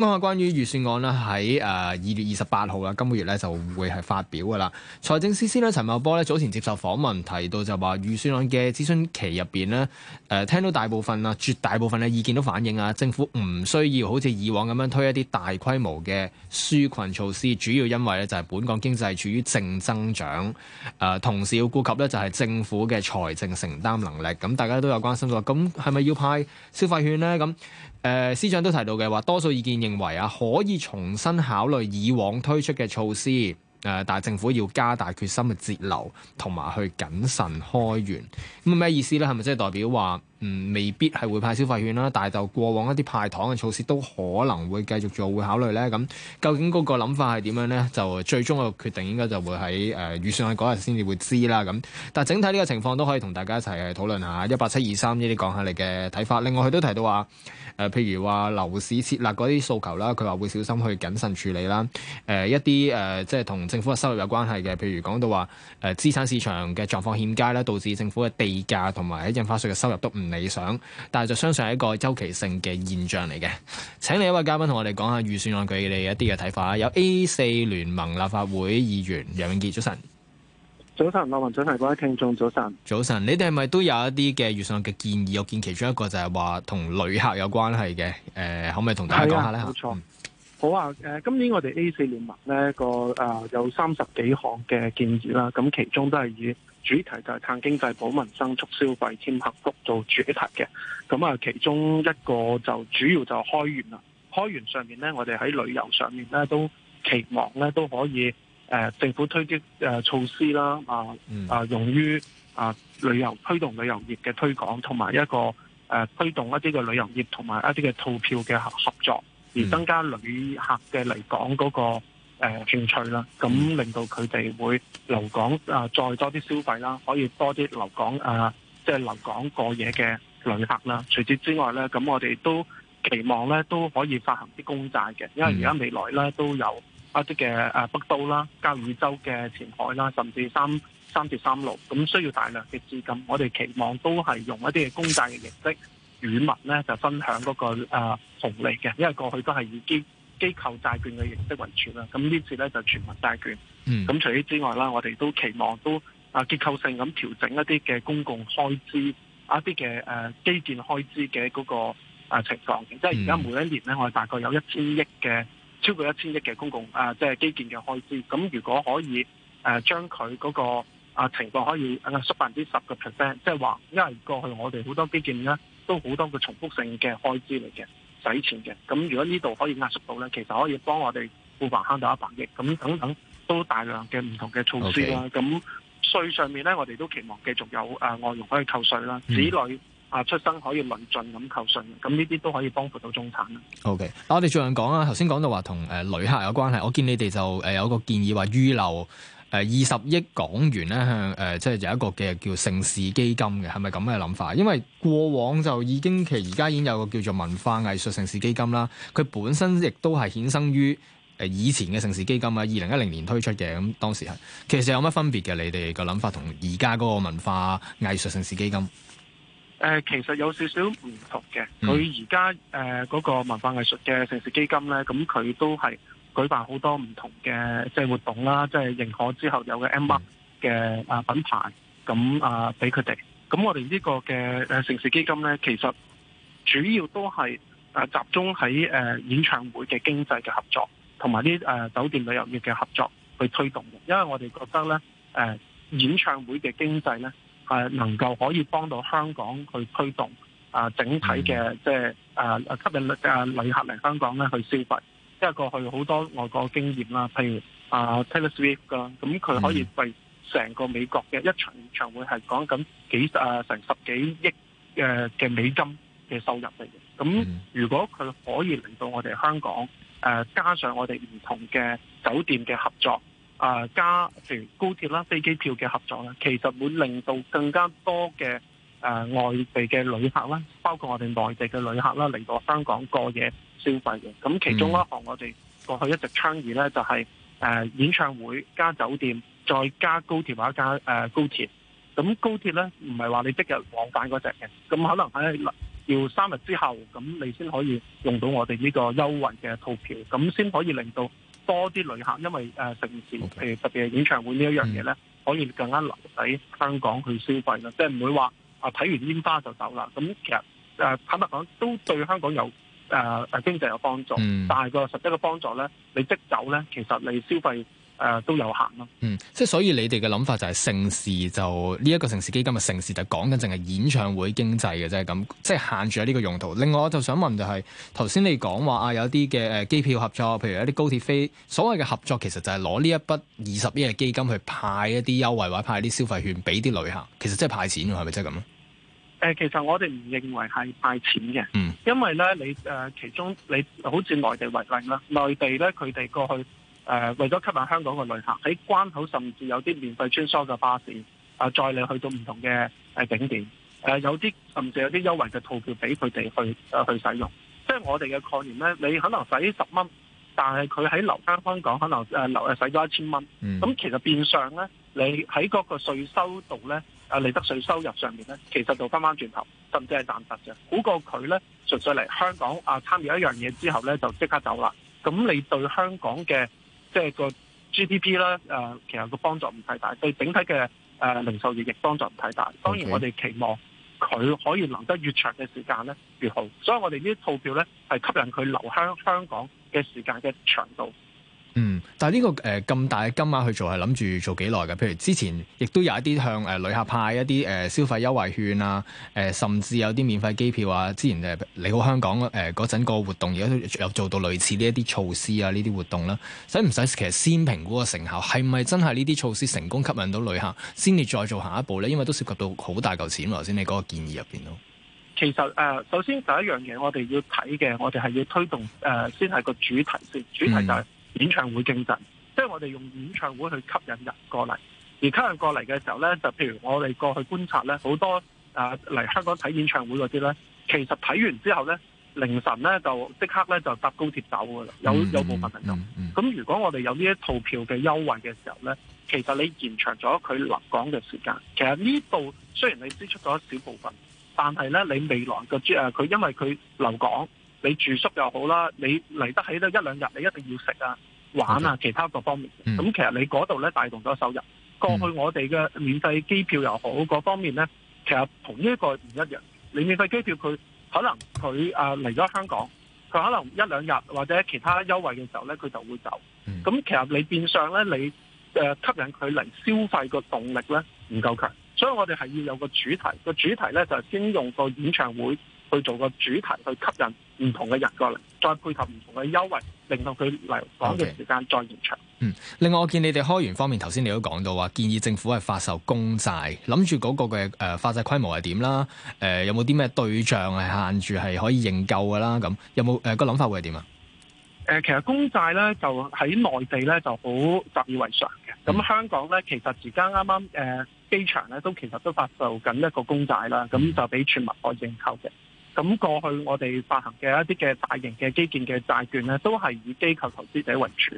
咁啊，關於預算案咧，喺誒二月二十八號啦，今個月咧就會係發表噶啦。財政司司長陳茂波咧早前接受訪問提到就說，就話預算案嘅諮詢期入邊咧，誒、呃、聽到大部分啊，絕大部分嘅意見都反映啊，政府唔需要好似以往咁樣推一啲大規模嘅紓困措施，主要因為咧就係本港經濟係處於正增長，誒、呃、同時要顧及咧就係政府嘅財政承擔能力。咁大家都有關心過，咁係咪要派消費券呢？咁誒、呃、司長都提到嘅話，多數意見認為啊，可以重新考慮以往推出嘅措施，誒、呃，但政府要加大決心去節流，同埋去謹慎開源，咁、嗯、咩意思呢？係咪即係代表話？未必係會派消費券啦，但係就過往一啲派糖嘅措施都可能會繼續做，會考慮呢，咁究竟嗰個諗法係點樣呢？就最終嘅決定應該就會喺誒預算案嗰日先至會知啦。咁，但係整體呢個情況都可以同大家一齊去討論下一八七二三呢啲講下你嘅睇法。另外佢都提到話譬、呃、如話樓市設立嗰啲訴求啦，佢話會小心去謹慎處理啦、呃。一啲誒、呃、即係同政府嘅收入有關係嘅，譬如講到話誒資產市場嘅狀況欠佳啦，導致政府嘅地價同埋喺印花稅嘅收入都唔理想，但係就相信係一個周期性嘅現象嚟嘅。請你一位嘉賓同我哋講下預算案佢哋一啲嘅睇法，有 A4 聯盟立法會議員楊永杰。早晨，早晨，網民早，早晨，各位聽眾早晨，早晨。早晨，你哋係咪都有一啲嘅預算案嘅建議？我見其中一個就係話同旅客有關係嘅。誒、呃，可唔可以同大家講下呢？冇錯？好啊！今年我哋 A4 聯盟呢個誒、呃、有三十幾項嘅建議啦，咁其中都係以主題就係撐經濟、保民生、促消費、添幸福做主題嘅。咁啊，其中一個就主要就開源啦。開源上面呢，我哋喺旅遊上面呢都期望呢都可以誒、呃、政府推擊誒、呃、措施啦，啊、呃、啊用於啊、呃、旅遊推動旅遊業嘅推廣，同埋一個誒、呃、推動一啲嘅旅遊業同埋一啲嘅套票嘅合，合作。而增加旅客嘅嚟港嗰個誒興趣啦，咁令到佢哋會留港啊、呃，再多啲消費啦，可以多啲留港啊，即、呃、係、就是、留港過夜嘅旅客啦。除此之外咧，咁我哋都期望咧都可以發行啲公債嘅，因為而家未來咧都有一啲嘅誒北都啦、交椅洲嘅前海啦，甚至三三至三六，咁需要大量嘅資金，我哋期望都係用一啲嘅公債嘅形式。語民咧就分享嗰、那個誒紅、啊、利嘅，因為過去都係以機機構債券嘅形式為主。啦。咁呢次咧就是、全民債券。嗯。咁除此之外啦，我哋都期望都啊結構性咁調整一啲嘅公共開支，一啲嘅誒基建開支嘅嗰、那個、啊、情況、嗯、即係而家每一年咧，我哋大概有一千億嘅超過一千億嘅公共啊，即係基建嘅開支。咁如果可以誒、啊、將佢嗰、那個啊情況可以縮百分之十個 percent，即係話因為過去我哋好多基建咧。都好多個重複性嘅開支嚟嘅，使錢嘅。咁如果呢度可以壓縮到咧，其實可以幫我哋庫房慳到一百億。咁等等都大量嘅唔同嘅措施啦。咁稅 Okay. 上面咧，我哋都期望繼續有誒外傭可以扣稅啦，子女啊出生可以論盡咁扣稅，咁呢啲都可以幫扶到中產啦。O K，嗱我哋最近講啊，頭先講到話同誒旅客有關係，我見你哋就誒有一個建議話預留。誒，二十億港元咧向誒，即係有一個嘅叫盛事基金嘅，係咪咁嘅諗法？因為過往就已經其實而家已經有一個叫做文化藝術盛事基金啦，佢本身亦都係衍生於誒以前嘅盛事基金啊，二零一零年推出嘅，咁、嗯、當時係其實有乜分別嘅？你哋嘅諗法同而家嗰個文化藝術盛事基金誒、呃，其實有少少唔同嘅。佢而家誒嗰個文化藝術嘅盛事基金咧，咁佢都係。舉辦好多唔同嘅即係活動啦，即係認可之後有嘅 M mark 嘅啊品牌，咁啊俾佢哋。咁我哋呢個嘅城市基金咧，其實主要都係集中喺誒演唱會嘅經濟嘅合作，同埋啲誒酒店旅遊業嘅合作去推動。因為我哋覺得咧誒演唱會嘅經濟咧係能夠可以幫到香港去推動啊整體嘅、嗯、即係啊吸引力啊旅客嚟香港咧去消費。即係過去好多外國經驗啦，譬如啊 Taylor Swift 啦，咁、呃、佢、mm hmm. 可以為成個美國嘅一場演唱會係講緊幾十啊、呃、成十幾億嘅嘅、呃、美金嘅收入嚟嘅。咁如果佢可以令到我哋香港誒、呃，加上我哋唔同嘅酒店嘅合作啊、呃，加譬如高鐵啦、飛機票嘅合作咧，其實會令到更加多嘅。誒、呃、外地嘅旅客啦，包括我哋內地嘅旅客啦，嚟到香港過夜消費嘅。咁其中一項我哋過去一直倡議呢，就係、是、誒、呃、演唱會加酒店，再加高鐵或者加誒、呃、高鐵。咁高鐵呢，唔係話你即日往返嗰隻嘅，咁可能喺要三日之後，咁你先可以用到我哋呢個優惠嘅套票，咁先可以令到多啲旅客因為、呃、城市，譬 Okay. 如特別係演唱會呢一樣嘢呢，可以更加留喺香港去消費嘅，嗯、即係唔會話。啊！睇完煙花就走啦，咁其實誒坦白講都對香港有誒、呃、經濟有幫助，但係個實際嘅幫助咧，你即走咧，其實你消費。誒都有限咯，啊。嗯，即係所以你哋嘅諗法就係城市就呢一、這個城市基金嘅城市就講緊淨係演唱會經濟嘅啫，咁即係限住咗呢個用途。另外我就想問就係頭先你講話啊，有啲嘅誒機票合作，譬如一啲高鐵飛，所謂嘅合作其實就係攞呢一筆二十億嘅基金去派一啲優惠或者派啲消費券俾啲旅客，其實即係派錢喎，係咪真係咁啊？誒，其實我哋唔認為係派錢嘅。嗯，因為咧你誒，呃，其中你好似內地為例啦，內地咧佢哋過去。誒為咗吸引香港嘅旅客，喺關口甚至有啲免費穿梭嘅巴士，啊載你去到唔同嘅景點，誒有啲甚至有啲優惠嘅套票俾佢哋去去使用。即係我哋嘅概念咧，你可能使十蚊，但係佢喺留翻香港，可能留使咗一千蚊。咁、嗯、其實變相咧，你喺嗰個稅收度咧，啊利得稅收入上面咧，其實就翻翻轉頭，甚至係賺實嘅，好過佢咧純粹嚟香港啊參與一樣嘢之後咧就即刻走啦。咁你對香港嘅即係個 GDP 啦，誒，其實個幫助唔太大，對整體嘅誒零售業亦幫助唔太大。當然我哋期望佢可以留得越長嘅時間咧越好，所以我哋呢啲套票咧係吸引佢留香香港嘅時間嘅長度。嗯，但係、這、呢個誒咁、呃、大嘅金額去做，係諗住做幾耐嘅？譬如之前亦都有一啲向誒旅客派一啲誒、呃、消費優惠券啊，誒、呃、甚至有啲免費機票啊。之前誒嚟到香港誒嗰陣個活動，而家都有做到類似呢一啲措施啊，呢啲活動啦，使唔使其實先評估個成效係咪真係呢啲措施成功吸引到旅客，先至再做下一步咧？因為都涉及到好大嚿錢。頭先你嗰個建議入邊都，其實誒、啊、首先第一樣嘢我哋要睇嘅，我哋係要推動誒、啊、先係個主題，先主題就係、是。演唱會競爭，即係我哋用演唱會去吸引人過嚟。而吸引人過嚟嘅時候呢，就譬如我哋過去觀察呢好多啊，呃，嚟香港睇演唱會嗰啲呢，其實睇完之後呢，凌晨呢就即刻呢就搭高鐵走噶啦，有有部分人眾。咁、嗯嗯嗯嗯，如果我哋有呢一套票嘅優惠嘅時候呢，其實你延長咗佢留港嘅時間。其實呢度雖然你支出咗少部分，但係呢你未來嘅，誒佢因為佢留港。你住宿又好啦，你嚟得起得一兩日，你一定要食啊、玩啊，其他各方面。咁、mm. 其實你嗰度咧，帶動咗收入。過去我哋嘅免費機票又好，各方面咧，其實同呢一個唔一樣。你免費機票佢可能佢誒嚟咗香港，佢可能一兩日或者其他優惠嘅時候咧，佢就會走。咁、mm. 其實你變相咧，你誒吸引佢嚟消費個動力咧唔夠強。所以我哋係要有個主題，個主題咧就係先用個演唱會去做個主題去吸引唔同嘅人過嚟，再配合唔同嘅優惠，令到佢嚟講嘅時間再延長。Okay. 嗯，另外我見你哋開源方面，頭先你都講到話建議政府係發售公債，諗住嗰個嘅誒發債規模係點啦？誒、呃、有冇啲咩對象係限住係可以認購㗎啦？咁有冇誒、呃那個諗法會係點啊？誒、呃，其實公債咧就喺內地咧就好習以為常嘅。咁香港咧其實而家啱啱誒機場咧都其實都發售緊一個公債啦。咁就俾全民可認購嘅。咁過去我哋發行嘅一啲嘅大型嘅基建嘅債券咧，都係以機構投資者為主。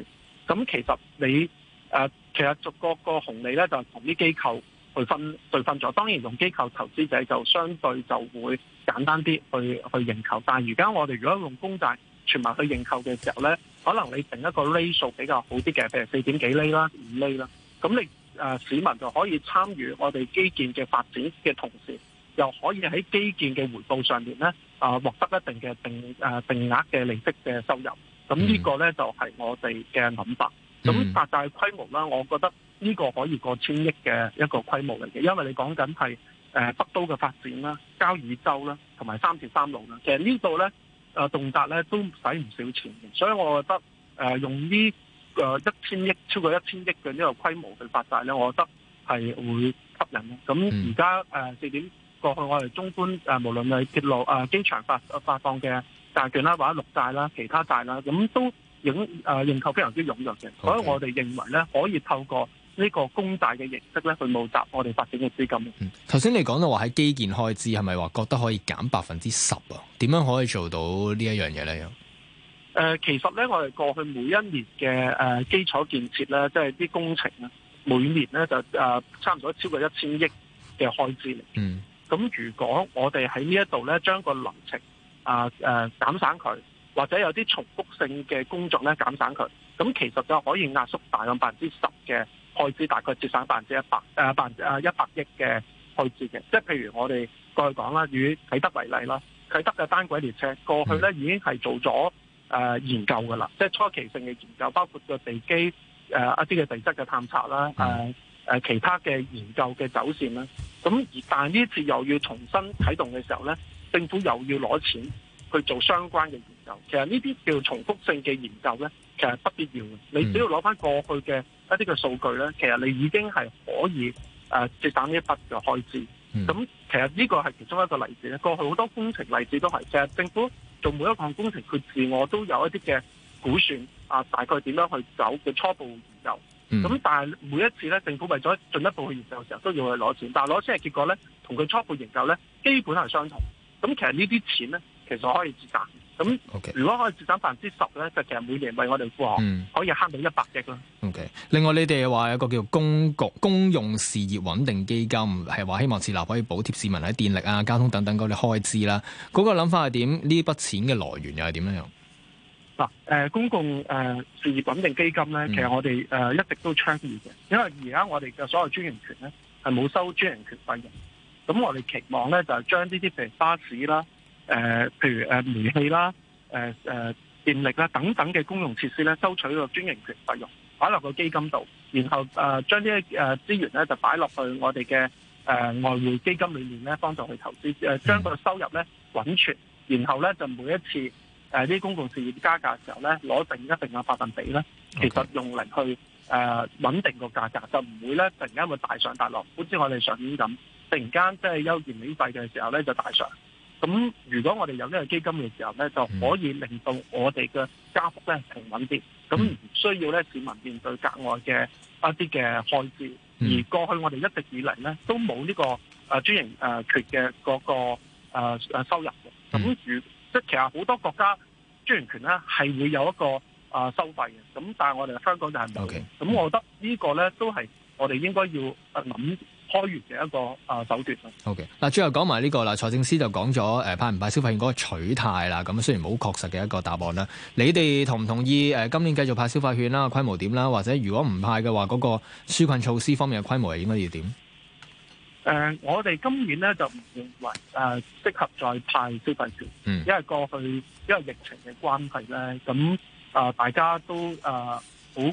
咁其實你、呃、其實逐個個紅利咧，就同啲機構去分，對分咗。當然，用機構投資者就相對就會簡單啲去去認購。但而家我哋如果用公債全民去認購嘅時候咧，可能你成一個釐數比較好啲嘅，譬如四點幾厘啦、五厘啦，咁你、呃、市民就可以參與我哋基建嘅發展嘅同時，又可以喺基建嘅回報上面咧，啊、呃、獲得一定嘅定誒、呃、定額嘅利息嘅收入。咁呢個咧就係、是、我哋嘅諗法。咁發債規模呢，我覺得呢個可以過千億嘅一個規模嚟嘅，因為你講緊係誒北都嘅發展啦、啊、交椅洲啦、啊、同埋三鐵三路啦、啊。其實呢度咧誒動態咧都使唔少錢嘅，所以我覺得誒、呃、用呢誒一千億超過一千億嘅呢個規模去發債咧，我覺得係會吸引嘅。咁而家誒四點。過去我哋中關誒，無論係鐵路、誒機場發發放嘅債券啦，或者綠債啦、其他債啦，咁都影誒認購非常之踴躍嘅，Okay. 所以我哋認為咧，可以透過呢個公債嘅形式咧，去募集我哋發展嘅資金。頭先、嗯、你講到話喺基建開支係咪話覺得可以減百分之十啊？點樣可以做到這事呢一樣嘢咧？又誒、呃，其實咧，我哋過去每一年嘅誒基礎建設咧，即係啲工程啊，每年咧就誒差唔多超過一千億嘅開支。嗯。咁如果我哋喺呢一度呢，將個流程啊誒、呃呃、減省佢，或者有啲重複性嘅工作呢，減省佢，咁其實就可以壓縮大量百分之十嘅開支，大概節省百分之一百誒百誒一百億嘅開支嘅。即係譬如我哋過去講啦，以啟德為例啦，啟德嘅單軌列車過去呢已經係做咗誒、呃、研究㗎啦，即係初期性嘅研究，包括個地基誒一啲嘅地質嘅探測啦誒其他嘅研究嘅走線啦，咁而但呢次又要重新啟動嘅時候呢，政府又要攞錢去做相關嘅研究，其實呢啲叫重複性嘅研究呢，其實不必要嘅。你只要攞翻過去嘅一啲嘅數據呢，其實你已經係可以誒節省呢一筆嘅開支。咁、嗯、其實呢個係其中一個例子呢，過去好多工程例子都係，其實政府做每一項工程佢自我都有一啲嘅估算啊，大概點樣去走嘅、就係、初步研究。咁、嗯、但係每一次咧，政府為咗進一步去研究嘅時候，都要去攞錢。但係攞錢嘅結果咧，同佢初步研究咧，基本係相同。咁其實呢啲錢咧，其實可以節省。咁 Okay, 如果可以節省百分之十咧，就其實每年為我哋富豪可以慳到一百億啦、嗯。OK。另外你哋話有個叫公共公用事業穩定基金，係話希望設立可以補貼市民喺電力啊、交通等等嗰啲開支啦。嗰、那個諗法係點？呢筆錢嘅來源又係點樣？嗱，公共誒、呃、事業穩定基金咧，其實我哋誒、呃、一直都倡議嘅，因為而家我哋嘅所有專營權咧係冇收專營權、呃呃、權費用。咁我哋期望咧就將呢啲譬如巴士啦、誒譬如誒煤氣啦、誒誒電力啦等等嘅公用設施咧收取個專營權費用，擺落個基金度，然後誒、呃、將啲誒資源咧就擺落去我哋嘅誒外匯基金裏面咧，幫助去投資，誒、呃、將個收入咧滾存，然後咧就每一次，誒啲、啊、公共事業加價嘅時候咧，攞定一定嘅百分比咧，Okay. 其實用嚟去誒、呃、穩定個價格，就唔會咧突然間會大上大落。好似我哋上年咁，突然間即係休業免費嘅時候咧，就大上。咁如果我哋有呢個基金嘅時候咧，就可以令到我哋嘅加幅咧平穩啲，咁唔需要咧市民面對格外嘅一啲嘅開支。嗯、而過去我哋一直以嚟咧都冇呢個誒專營誒權嘅嗰個誒、呃、收入嘅。咁、嗯、如果即係其實好多國家專營權咧係會有一個啊收費嘅，咁但係我哋香港就係唔有。咁 Okay. 我覺得呢個咧都係我哋應該要啊諗開源嘅一個啊手段咯。OK，嗱最後講埋呢個啦，財政司就講咗誒派唔派消費券嗰個取態啦。咁雖然冇確實嘅一個答案啦，你哋同唔同意誒今年繼續派消費券啦，規模點啦，或者如果唔派嘅話，嗰、那個紓困措施方面嘅規模係應該要點？誒、呃，我哋今年咧就唔認為誒適、呃、合再派消費券，因為過去因為疫情嘅關係咧，咁啊、呃、大家都誒、呃、好即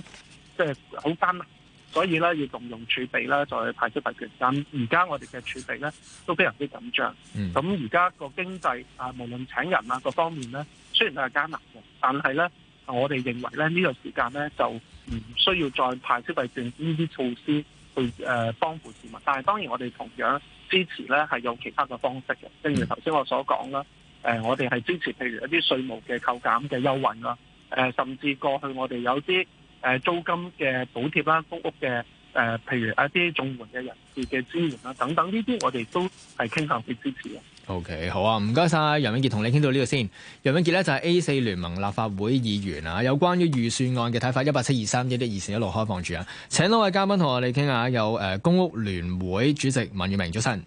係好艱難，所以咧要動用儲備咧再派消費券。咁而家我哋嘅儲備咧都非常之緊張，咁而家個經濟啊無論請人啊各方面咧，雖然都係艱難嘅，但係咧我哋認為咧呢、這個時間咧就唔需要再派消費券呢啲措施。去誒幫扶市民，但係當然我哋同樣支持咧，係有其他嘅方式嘅，正如頭先我所講啦。誒，我哋係支持譬如一啲稅務嘅扣減嘅優惠啦。誒，甚至過去我哋有啲誒租金嘅補貼啦，公屋嘅。誒，譬、呃、如一啲綜援嘅人士嘅支援啊，等等呢啲，我哋都係傾向去支持嘅。O、okay, K，好啊，唔該晒。楊永杰，同你傾到呢度先。楊永杰呢，就係 A4 聯盟立法會議員啊，有關於預算案嘅睇法，一八七二三一啲二線一路開放住啊。請兩位嘉賓同我哋傾下，有誒公屋聯會主席文裕明早晨。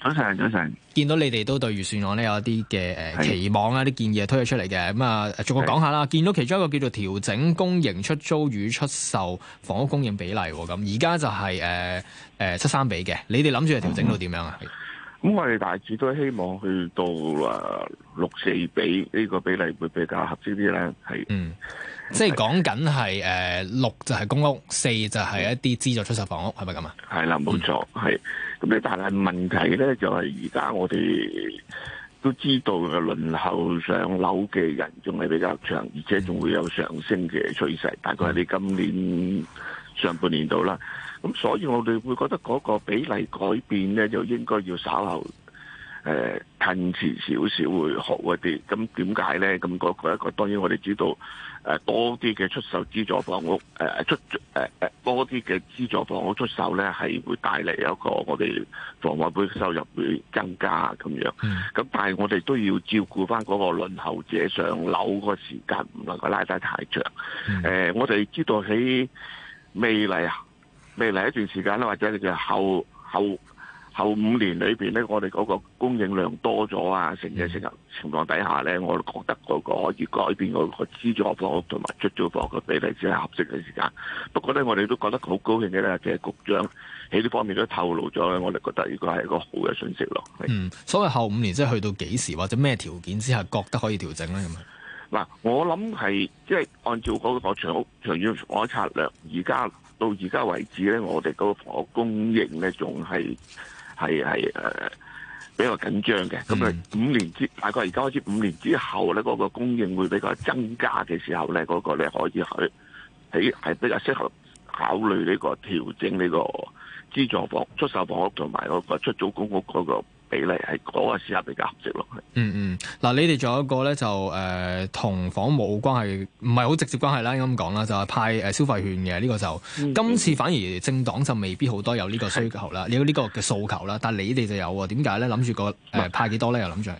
早晨，早晨！見到你哋都對預算案呢，有一啲嘅誒期望啊，啲的建議推咗出嚟嘅，咁、嗯、啊，逐個講下啦。的見到其中一個叫做調整公營出租與出售房屋供應比例，咁而家就係誒誒七三比嘅，你哋諗住係調整到點樣啊？咁、嗯、我哋大致都希望去到誒六四比呢、這個比例會比較合適啲咧，係嗯，即係講緊係誒六就係公屋，四就係一啲資助出售房屋，係咪咁啊？係啦，冇錯，係、嗯。咁但係問題咧就係，而家我哋都知道嘅輪候上樓嘅人仲係比較長，而且仲會有上升嘅趨勢，大概喺今年上半年度啦。咁所以，我哋會覺得嗰個比例改變咧，就應該要稍後。誒，褪遲少少會好一啲。咁點解咧？咁、嗰個一個當然我哋知道，誒多啲嘅出售資助房屋，誒出誒誒多啲嘅資助房屋出售咧，係會帶嚟一個我哋房委會收入會增加咁樣咁是的 但係我哋都要照顧翻嗰個輪候者上樓時間個時間唔能夠拉得太長。誒是的、呃，我哋知道喺未嚟啊，未嚟一段時間間或者你就後後後五年裏面咧，我哋嗰個供應量多咗啊，成嘅成日情況底下咧，我覺得嗰個可以改變嗰個資助房屋同埋出租房屋嘅比例只係合適嘅時間。不過咧，我哋都覺得好高興嘅咧，即係局長喺呢方面都透露咗，我哋覺得呢個係一個好嘅訊息咯。嗯，所謂後五年即係去到幾時或者咩條件之下覺得可以調整咧？咁樣嗱，我諗係即係按照嗰個長屋長遠房屋策略，而家到而家為止咧，我哋嗰個房屋供應咧仲係。係係誒比較緊張嘅，咁誒五年之大概而家開始五年之後咧，嗰個供應會比較增加嘅時候咧，嗰個你可以去喺係比較適合考慮呢個調整呢個資助房出售房屋同埋嗰個出租公屋嗰個。比例係嗰個時候比較合適咯、嗯。嗯嗯，嗱、啊，你哋仲有一個咧，就誒、呃、同房冇關係，唔係好直接關係啦。咁講啦，就係派誒、呃、消費券嘅呢、這個就，嗯、今次反而政黨就未必好多有呢個需求啦。 有呢個嘅訴求啦，但係你哋就有喎。點解咧？諗住、那個誒、呃、派幾多咧？又諗住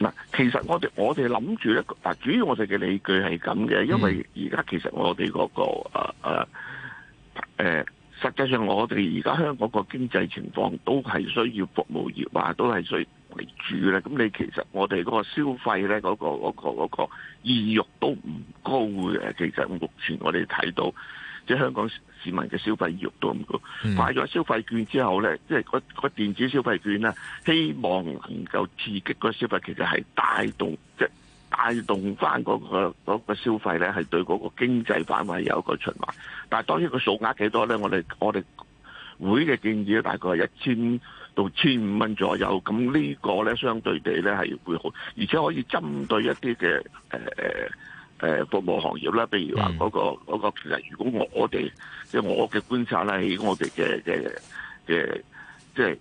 嗱，其實我哋我哋諗住一個嗱，主要我哋嘅理據係咁嘅，因為而家其實我哋嗰、那個誒、呃呃加上我哋而家香港個經濟情況都係需要服務業啊，都係需要為主咧。咁你其實我哋嗰個消費咧，嗰個嗰個嗰個意欲都唔高嘅。其實目前我哋睇到，即係香港市民嘅消費意欲都唔高。買咗消費券之後咧，即係嗰個電子消費券咧，希望能夠刺激個消費，其實係帶動即帶動翻、嗰個、嗰個嗰、嗰個消費咧，係對嗰個經濟範圍有一個循環。但係當然個數額幾多咧？我哋我哋會嘅建議咧，大概係一千到千五蚊左右。咁呢個咧，相對地咧係會好，而且可以針對一啲嘅誒誒誒服務行業啦，譬如話嗰、嗰個嗰個其實如果我哋即係我嘅觀察咧，喺我哋嘅嘅嘅即係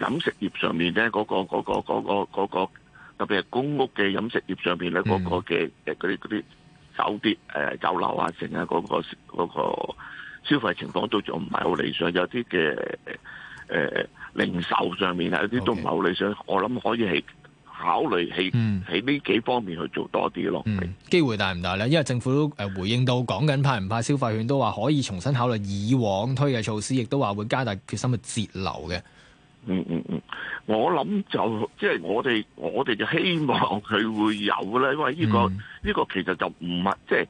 飲食業上面咧，嗰個嗰個嗰個嗰個。嗰個嗰個嗰個特別係公屋嘅飲食業上邊咧，嗰、嗯嗰個嘅誒嗰啲啲酒店誒、呃、酒樓啊，剩啊嗰個消費情況都仲唔係好理想，有啲嘅誒零售上面啊，有啲都唔係好理想。Okay. 我諗可以係考慮喺喺呢幾方面去做多啲咯、嗯。機會大唔大咧？因為政府都誒回應到講緊派唔派消費券，都話可以重新考慮以往推嘅措施，亦都話會加大決心去節流嘅。嗯嗯嗯，我諗就即係我哋，我哋就希望佢會有啦，因為呢、個呢、嗯、個其實就唔係即係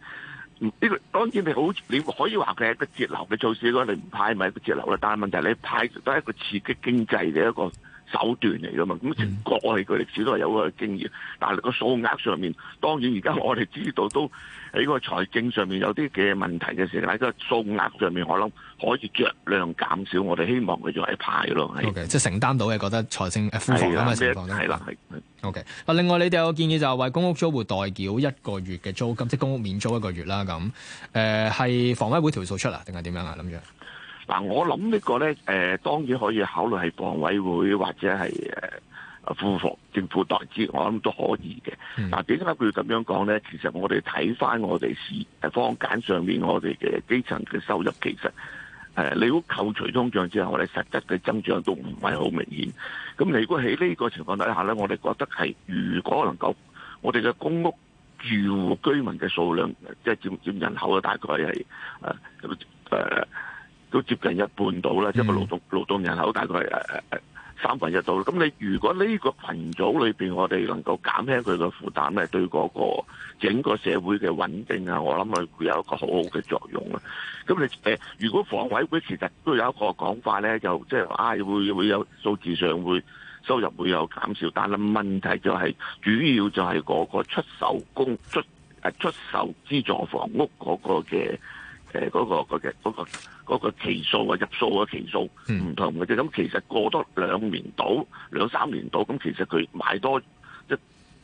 呢個。當然你好，你可以話佢係一個節流嘅措施咯，你唔派咪、就是、一個節流啦，但係問題你派都係一個刺激經濟嘅一個。手段嚟噶嘛？咁國外佢歷史都係有個經驗，但係個數額上面，當然而家我哋知道都喺個財政上面有啲嘅問題嘅時候，喺個數額上面，我諗可以酌量減少。我哋希望佢就係派咯，係 Okay, 是即係承擔到嘅。覺得財政誒寬鬆嘅情況啦。O K，嗱，okay, 另外你哋有個建議就係為公屋租戶代繳一個月嘅租金，即公屋免租一個月啦。咁誒係房委會條數出嚟，定係點樣啊？諗住？嗱，我諗呢個咧，誒當然可以考慮係房委會或者係誒庫房政府代資，我諗都可以嘅。但幾點解佢要咁樣講咧？其實我哋睇翻我哋市坊間上邊我哋嘅基層嘅收入，其實誒你如果扣除通脹之後，我哋實質嘅增長都唔係好明顯。咁你如果喺呢個情況底下咧，我哋覺得係如果能夠我哋嘅公屋住戶居民嘅數量，即係佔佔人口嘅大概係誒誒。呃都接近一半到啦，即係個勞動勞動人口大概係誒誒誒三分一到啦。咁你如果呢個群組裏邊，我哋能夠減輕佢嘅負擔咧，對嗰個整個社會嘅穩定啊，我諗佢會有一個好好嘅作用啦。咁你誒、呃，如果房委會其實都有一個講法咧，就即係啊，會會有數字上會收入會有減少，但係問題就係、係、主要就係嗰個出售公出誒出售資助房屋嗰個嘅。誒嗰、嗰個嘅嗰、嗰個期、嗰個嗰個、數啊入數啊期數唔同嘅啫，咁其實過多兩年到兩三年到，咁其實佢買多即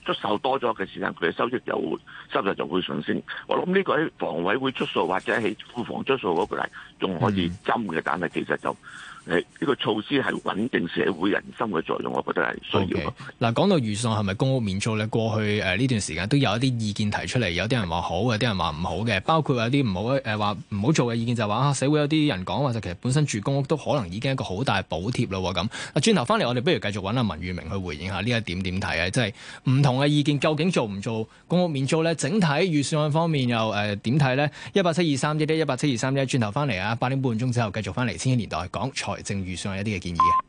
出售多咗嘅時間，佢嘅收益就會收入就會上升。我諗呢個喺房委會出數或者喺庫房出數嗰個嚟，仲可以針嘅，但係其實就。呢個措施係穩定社會人心嘅作用，我覺得係需要。嗱，講到預算係咪公屋免租咧？過去誒呢、呃、段時間都有一啲意見提出嚟，有啲人話好，有啲人話唔好嘅，包括有啲唔好誒，話、呃、唔好做嘅意見就係、是、話啊，社會有啲人講話其實本身住公屋都可能已經一個好大補貼咯。咁。啊，轉頭翻嚟，我哋不如繼續揾阿文裕明去回應下呢一點點睇啊，即係唔同嘅意見究竟做唔做公屋免租咧？整體預算方面又誒點睇咧？一八七二三一一，一八七二三一一。轉頭翻嚟啊，八點半鐘之後繼續翻嚟《千禧年代》講財正預算係一啲嘅建議嘅，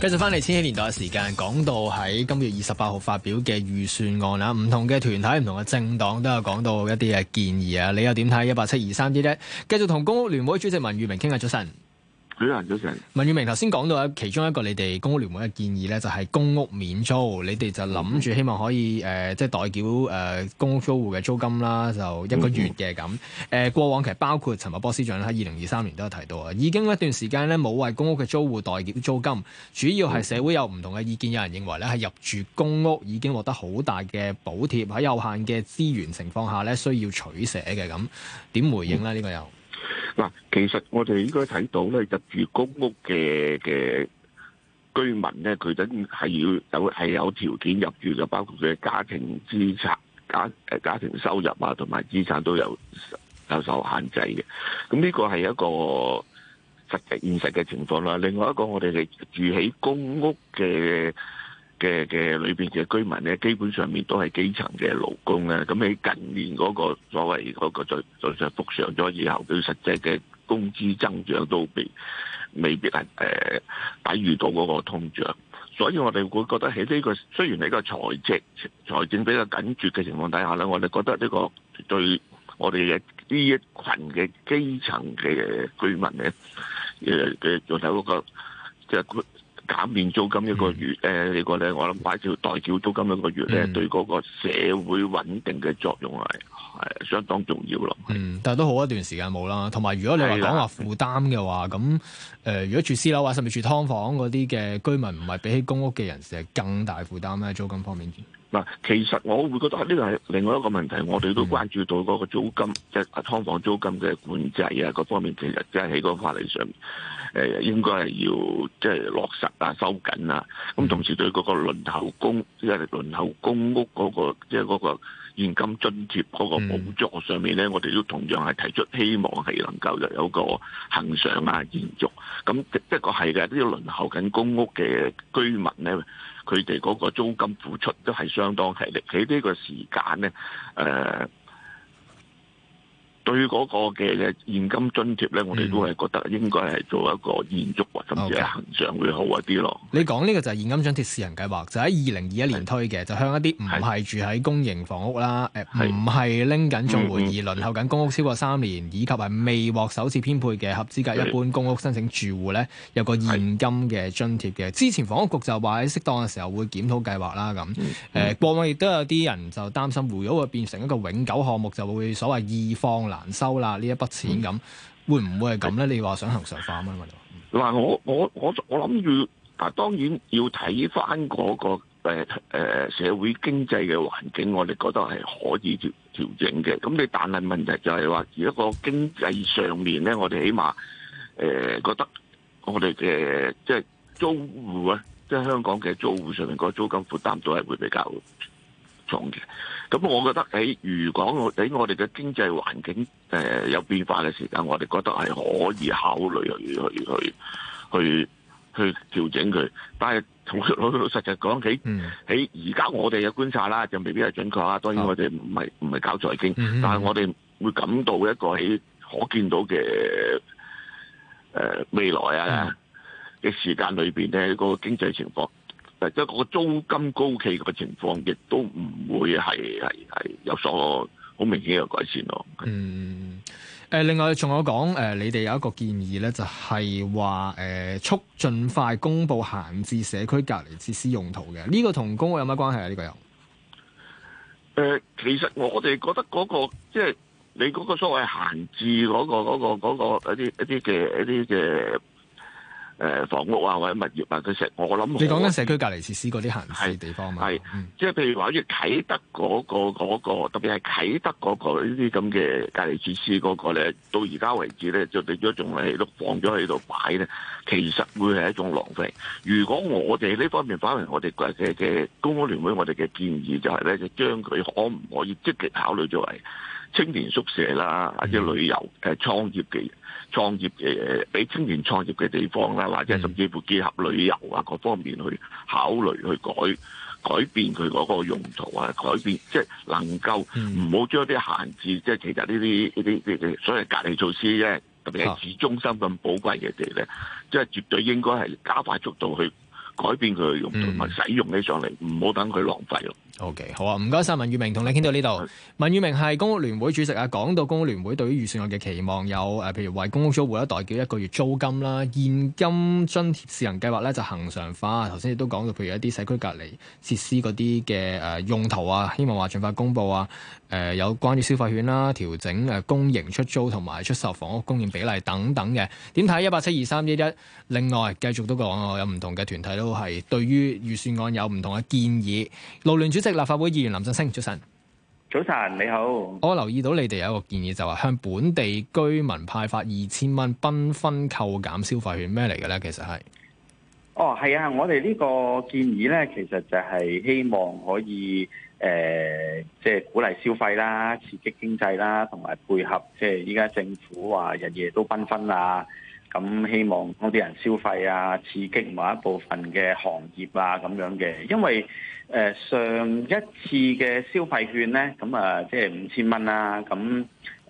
繼續翻嚟《千禧年代》嘅時間，講到喺今月二十八號發表嘅預算案啦，唔同嘅團體、唔同嘅政黨都有講到一啲嘅建議啊。你又點睇？一八七二三呢？咧，繼續同公屋聯會主席文裕明傾下，早晨。主持人、文裕明，頭先講到其中一個你哋公屋聯會嘅建議呢，就係公屋免租，你哋就諗住希望可以誒、呃，即係代繳誒、呃、公屋租戶嘅租金啦，就一個月嘅咁。誒、嗯呃，過往其實包括陳茂波司長喺二零二三年都有提到啊，已經一段時間呢冇為公屋嘅租戶代繳租金，主要係社會有唔同嘅意見，有人認為呢係入住公屋已經獲得好大嘅補貼，喺有限嘅資源情況下呢需要取捨嘅咁，點回應呢？呢、嗯、個又？嗱，其實我哋應該睇到咧，入住公屋嘅嘅居民咧，佢真係要有係有條件入住嘅，包括佢嘅家庭資產、家誒家庭收入啊，同埋資產都有有受限制嘅。咁呢個係一個實際現實嘅情況啦。另外一個，我哋係住喺公屋嘅。嘅嘅裏面嘅居民咧，基本上面都係基層嘅勞工咧。咁喺近年嗰個所謂嗰個再再復上咗以後，佢實際嘅工資增長都未必係抵御到嗰個通脹。所以我哋會覺得喺呢個雖然係個財政財政比較緊絀嘅情況底下咧，我哋覺得呢個對我哋嘅呢一群嘅基層嘅居民呢，誒嘅仲有嗰個即係減免租金一個月，誒、嗯呃、呢個咧，我諗擺照代繳租金一個月咧，嗯、對嗰個社會穩定嘅作用係係相當重要咯。是嗯，但係都好一段時間冇啦。同埋，如果你話講話負擔嘅話，咁誒的、呃，如果住私樓或者甚至住劏房嗰啲嘅居民，唔係比起公屋嘅人士係更大負擔咩？租金方面。嗱，其實我會覺得呢個係另外一個問題，我哋都關注到嗰個租金，即係劏房租金嘅管制啊，各方面其實即係喺個法例上，誒、呃、應該係要即係落實啊、收緊啊。咁、嗯、同時對嗰個輪候公即係輪候公屋嗰、那個，即係嗰個現金津貼嗰個補助上面咧，嗯、我哋都同樣係提出希望係能夠又有個恆常啊、延續。咁的確係嘅，都要輪候緊公屋嘅居民咧。佢哋嗰個租金付出都係相當吃力喺呢個時間咧，誒、呃。對嗰個嘅嘅現金津貼咧，我哋都係覺得應該係做一個延續或者嘅恆常會好一啲咯。Okay. 是你講呢個就係現金津貼試行計劃，就喺二零二一年推嘅，是就向一啲唔係住喺公營房屋啦，唔係拎緊綜援而輪候緊公屋超過三年，以及係未獲首次編配嘅合資格一般公屋申請住戶咧，是有個現金嘅津貼嘅。是之前房屋局就話喺適當嘅時候會檢討計劃啦，咁、呃、誒是過往亦都有啲人就擔心回補會變成一個永久項目，就會所謂二方啦。難收啦，呢一筆錢咁，嗯、會唔會係咁咧？你話想恒常化咁啊？嗱，我我我我諗住，但當然要睇翻嗰個誒誒、呃、社會經濟嘅環境，我哋覺得係可以調調整嘅。咁你但係問題就係話，如果個經濟上面咧，我哋起碼誒、呃、覺得我哋嘅即係租戶啊，即、就、係、是、香港嘅租戶上面個租金負擔都係會比較重嘅。咁我覺得喺如果喺我哋嘅經濟環境誒、呃、有變化嘅時間，我哋覺得係可以考慮去去去去去調整佢。但係從老老實實講起，喺而家我哋嘅觀察啦，就未必係準確啦。當然我哋唔係唔係搞財經，但係我哋會感到一個喺可見到嘅、呃、未來啊嘅時間裏邊咧，個經濟情況。即係個租金高企嘅情況，亦都唔會係係係有所好明顯嘅改善咯，啊。嗯，誒，另外仲有講，誒、呃，你哋有一個建議咧，就係話，誒，促盡快公布閒置社區隔離設施用途嘅。呢，這個同公屋有乜關係啊？呢，這個有？誒、呃，其實我哋覺得嗰，那個即係、就是、你嗰個所謂閒置嗰個嗰、那個、那個那個一啲一啲嘅一啲嘅。誒、呃、房屋啊，或者物業啊，佢成我諗我。你講緊社區隔離設施嗰啲閒置地方嘛？係，即係譬如話，好似啟德嗰、那個嗰、那個，特別係啟德嗰、那個呢啲咁嘅隔離設施嗰個咧，到而家為止咧，就變咗仲係都放咗喺度擺咧，其實會係一種浪費。如果我哋呢方面反為，我哋嘅嘅公屋聯會，我哋嘅建議就係咧，就將佢可唔可以積極考慮作為青年宿舍啦，或者旅遊誒、嗯、創業嘅。創業嘅俾青年創業嘅地方啦，或者甚至乎結合旅遊啊各方面去考慮去改改變佢嗰個用途啊，改變，的用途改變即係能夠唔好將啲限制，即係其實呢啲呢啲所謂隔離措施咧，特別係市中心咁寶貴嘅地咧，即係、啊、絕對應該係加快速度去改變佢嘅用途同埋、嗯、使用起上嚟，唔好等佢浪費咯。O.K. 好啊，唔該晒。文裕明，同你傾到呢度。文裕明係公屋聯會主席啊。講到公屋聯會對於預算案嘅期望有誒，譬如為公屋租戶啦代繳一個月租金啦，現金津貼試行計劃咧就恒常化。頭先亦都講到，譬如一啲社區隔離設施嗰啲嘅用途啊，希望話儘快公佈啊。誒、呃、有關於消費券啦，調整誒公營出租同埋出售房屋供應比例等等嘅點睇？一八七二三一一，另外繼續都講我有唔同嘅團體都係對於預算案有唔同嘅建議。勞聯主席立法會議員林振昇，出身早晨，早晨你好。我留意到你哋有一個建議，就係、是、向本地居民派發二千蚊，分分扣減消費券，咩嚟嘅咧？其實係。哦，係啊！我哋呢個建議呢，其實就係希望可以誒，即、呃、係、就是、鼓勵消費啦，刺激經濟啦，同埋配合即係依家政府話日夜都繽紛啊！咁希望嗰啲人消費啊，刺激某一部分嘅行業啊，咁樣嘅。因為誒、呃、上一次嘅消費券呢，咁啊，即係五千蚊啦。咁。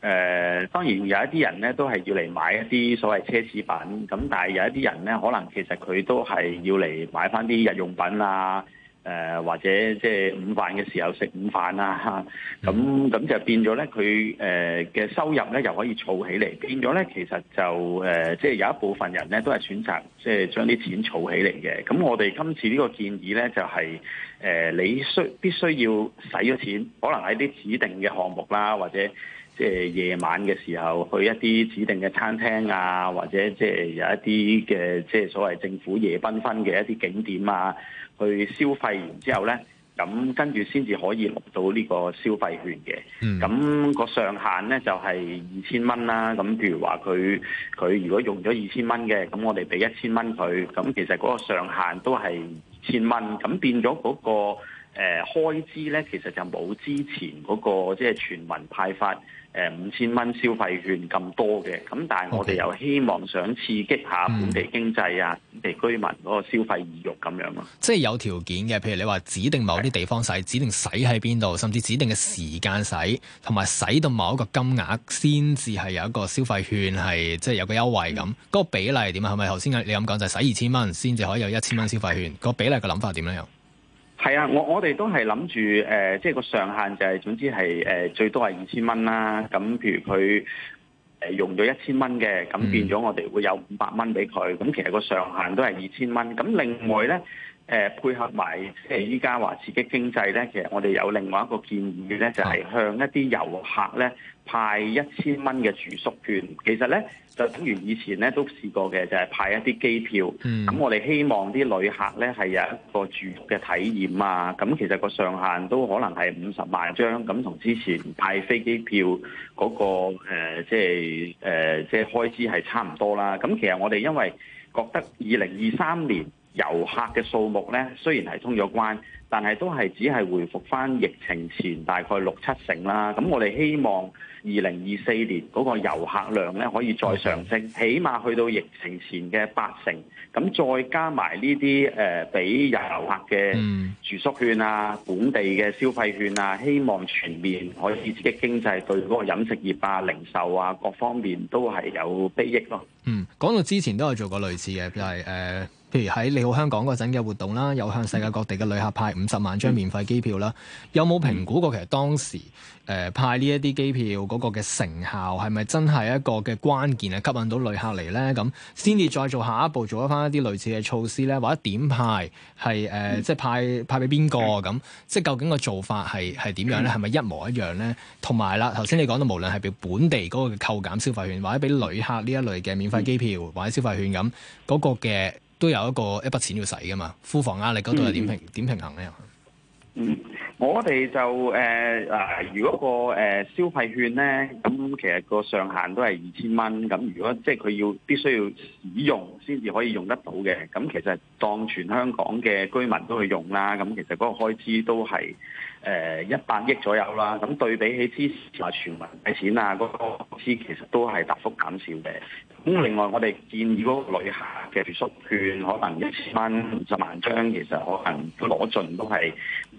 誒、呃、當然有一啲人咧都係要嚟買一啲所謂奢侈品，咁但係有一啲人咧可能其實佢都係要嚟買返啲日用品啊，誒、呃、或者即係午飯嘅時候食午飯啊，咁咁就變咗咧佢誒嘅收入咧又可以儲起嚟，變咗咧其實就誒即係有一部分人咧都係選擇即係將啲錢儲起嚟嘅，咁我哋今次呢個建議咧就係、是、誒、呃、你需必須要使咗錢，可能喺啲指定嘅項目啦或者。即係夜晚嘅時候，去一啲指定嘅餐廳啊，或者即係有一啲嘅即係所謂政府夜繽紛嘅一啲景點啊，去消費完之後呢，咁跟住先至可以攞到呢個消費券嘅。咁、嗯、個上限呢，就係二千蚊啦。咁譬如話佢佢如果用咗二千蚊嘅，咁我哋俾一千蚊佢。咁其實嗰個上限都係二千蚊。咁變咗嗰、那個誒、呃、開支呢，其實就冇之前嗰、那個即係、就是、全民派發。誒五千蚊消費券咁多嘅，咁但係我哋又希望想刺激下本地經濟啊，本、嗯、地居民嗰個消費意欲咁樣咯。即係有條件嘅，譬如你話指定某啲地方使，指定使喺邊度，甚至指定嘅時間使，同埋使到某一個金額先至係有一個消費券係即係有個優惠咁。嗰、嗰個比例點啊？係咪頭先你你咁講就係使二千蚊先至可以有一千蚊消費券？個比例嘅諗法點樣？又？係啊，我我哋都係諗住，誒、呃，即係個上限就係、是，總之係，誒、呃，最多係二千蚊啦。咁，譬如佢誒用咗一千蚊嘅，咁變咗我哋會有五百蚊俾佢。咁其實個上限都係二千蚊。咁另外呢。誒、呃、配合埋誒依家話刺激經濟咧，其實我哋有另外一個建議咧，就係、是、向一啲遊客咧派一千蚊嘅住宿券。其實咧就等於以前咧都試過嘅，就係、是、派一啲機票。咁我哋希望啲旅客咧係有一個住宿嘅體驗啊。咁其實個上限都可能係五十萬張。咁同之前派飛機票嗰、那個即係誒即係開支係差唔多啦。咁其實我哋因為覺得二零二三年。遊客嘅數目咧，雖然係通咗關，但係都係只係回復翻疫情前大概六七成啦。咁我哋希望二零二四年嗰個遊客量咧可以再上升，起碼去到疫情前嘅八成。咁再加埋呢啲誒俾遊客嘅住宿券啊、本地嘅消費券啊，希望全面可以刺激經濟，對嗰個飲食業啊、零售啊各方面都係有裨益咯。嗯，講到之前都有做過類似嘅，就係、是、誒。Uh 譬如喺你好香港嗰陣嘅活動啦，有向世界各地嘅旅客派五十萬張免費機票啦。嗯、有冇評估過其實當時誒、呃、派呢一啲機票嗰個嘅成效係咪真係一個嘅關鍵，係吸引到旅客嚟咧？咁，先至再做下一步做一翻一啲類似嘅措施咧，或者點派係誒即係派派俾邊個咁？即係究竟個做法係係點樣咧？係咪一模一樣咧？同埋啦，頭先你講到無論係俾本地個嘅扣減消費券，或者俾旅客呢一類嘅免費機票、嗯、或者消費券咁嗰個嘅。都有一個一筆錢要使㗎嘛，庫房壓力嗰度係點平點、嗯、平衡咧？又嗯，我哋就誒嗱，如果、嗰個誒、呃、消費券咧，咁其實個上限都係二千蚊，咁如果即係佢要必須要使用先至可以用得到嘅，咁其實當全香港嘅居民都去用啦，咁其實嗰個開支都係，誒、呃、一百億左右啦，咁對比起之前話全民派錢啊，嗰、那個支其實都係大幅減少嘅。咁另外我哋建議嗰個旅客嘅住宿券，可能一千蚊十萬張，其實可能攞盡都係。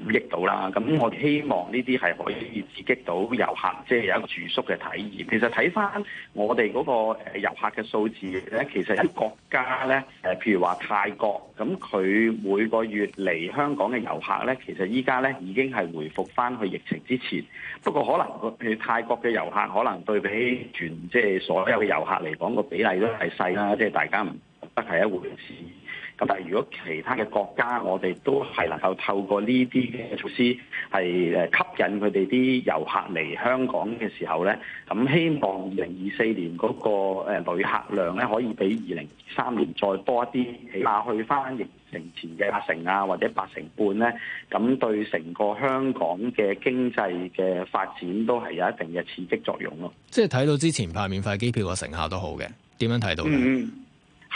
五億到啦，咁我哋希望呢啲係可以刺激到遊客，即係有一個住宿嘅體驗。其實睇翻我哋嗰個誒遊客嘅數字咧，其實喺國家咧誒，譬如話泰國，咁佢每個月嚟香港嘅遊客咧，其實依家咧已經係回復翻去疫情之前。不過可能佢泰國嘅遊客可能對比起全即係所有嘅遊客嚟講，個比例都係細啦，即係大家唔得係一回事。咁但係如果其他嘅國家，我哋都係能夠透過呢啲嘅措施，係誒吸引佢哋啲遊客嚟香港嘅時候咧，咁希望二零二四年嗰個旅客量咧可以比二零二三年再多一啲，起碼去翻疫情前嘅八成啊，或者八成半咧，咁對成個香港嘅經濟嘅發展都係有一定嘅刺激作用咯。即係睇到之前派免費機票嘅成效都好嘅，點樣睇到嘅？嗯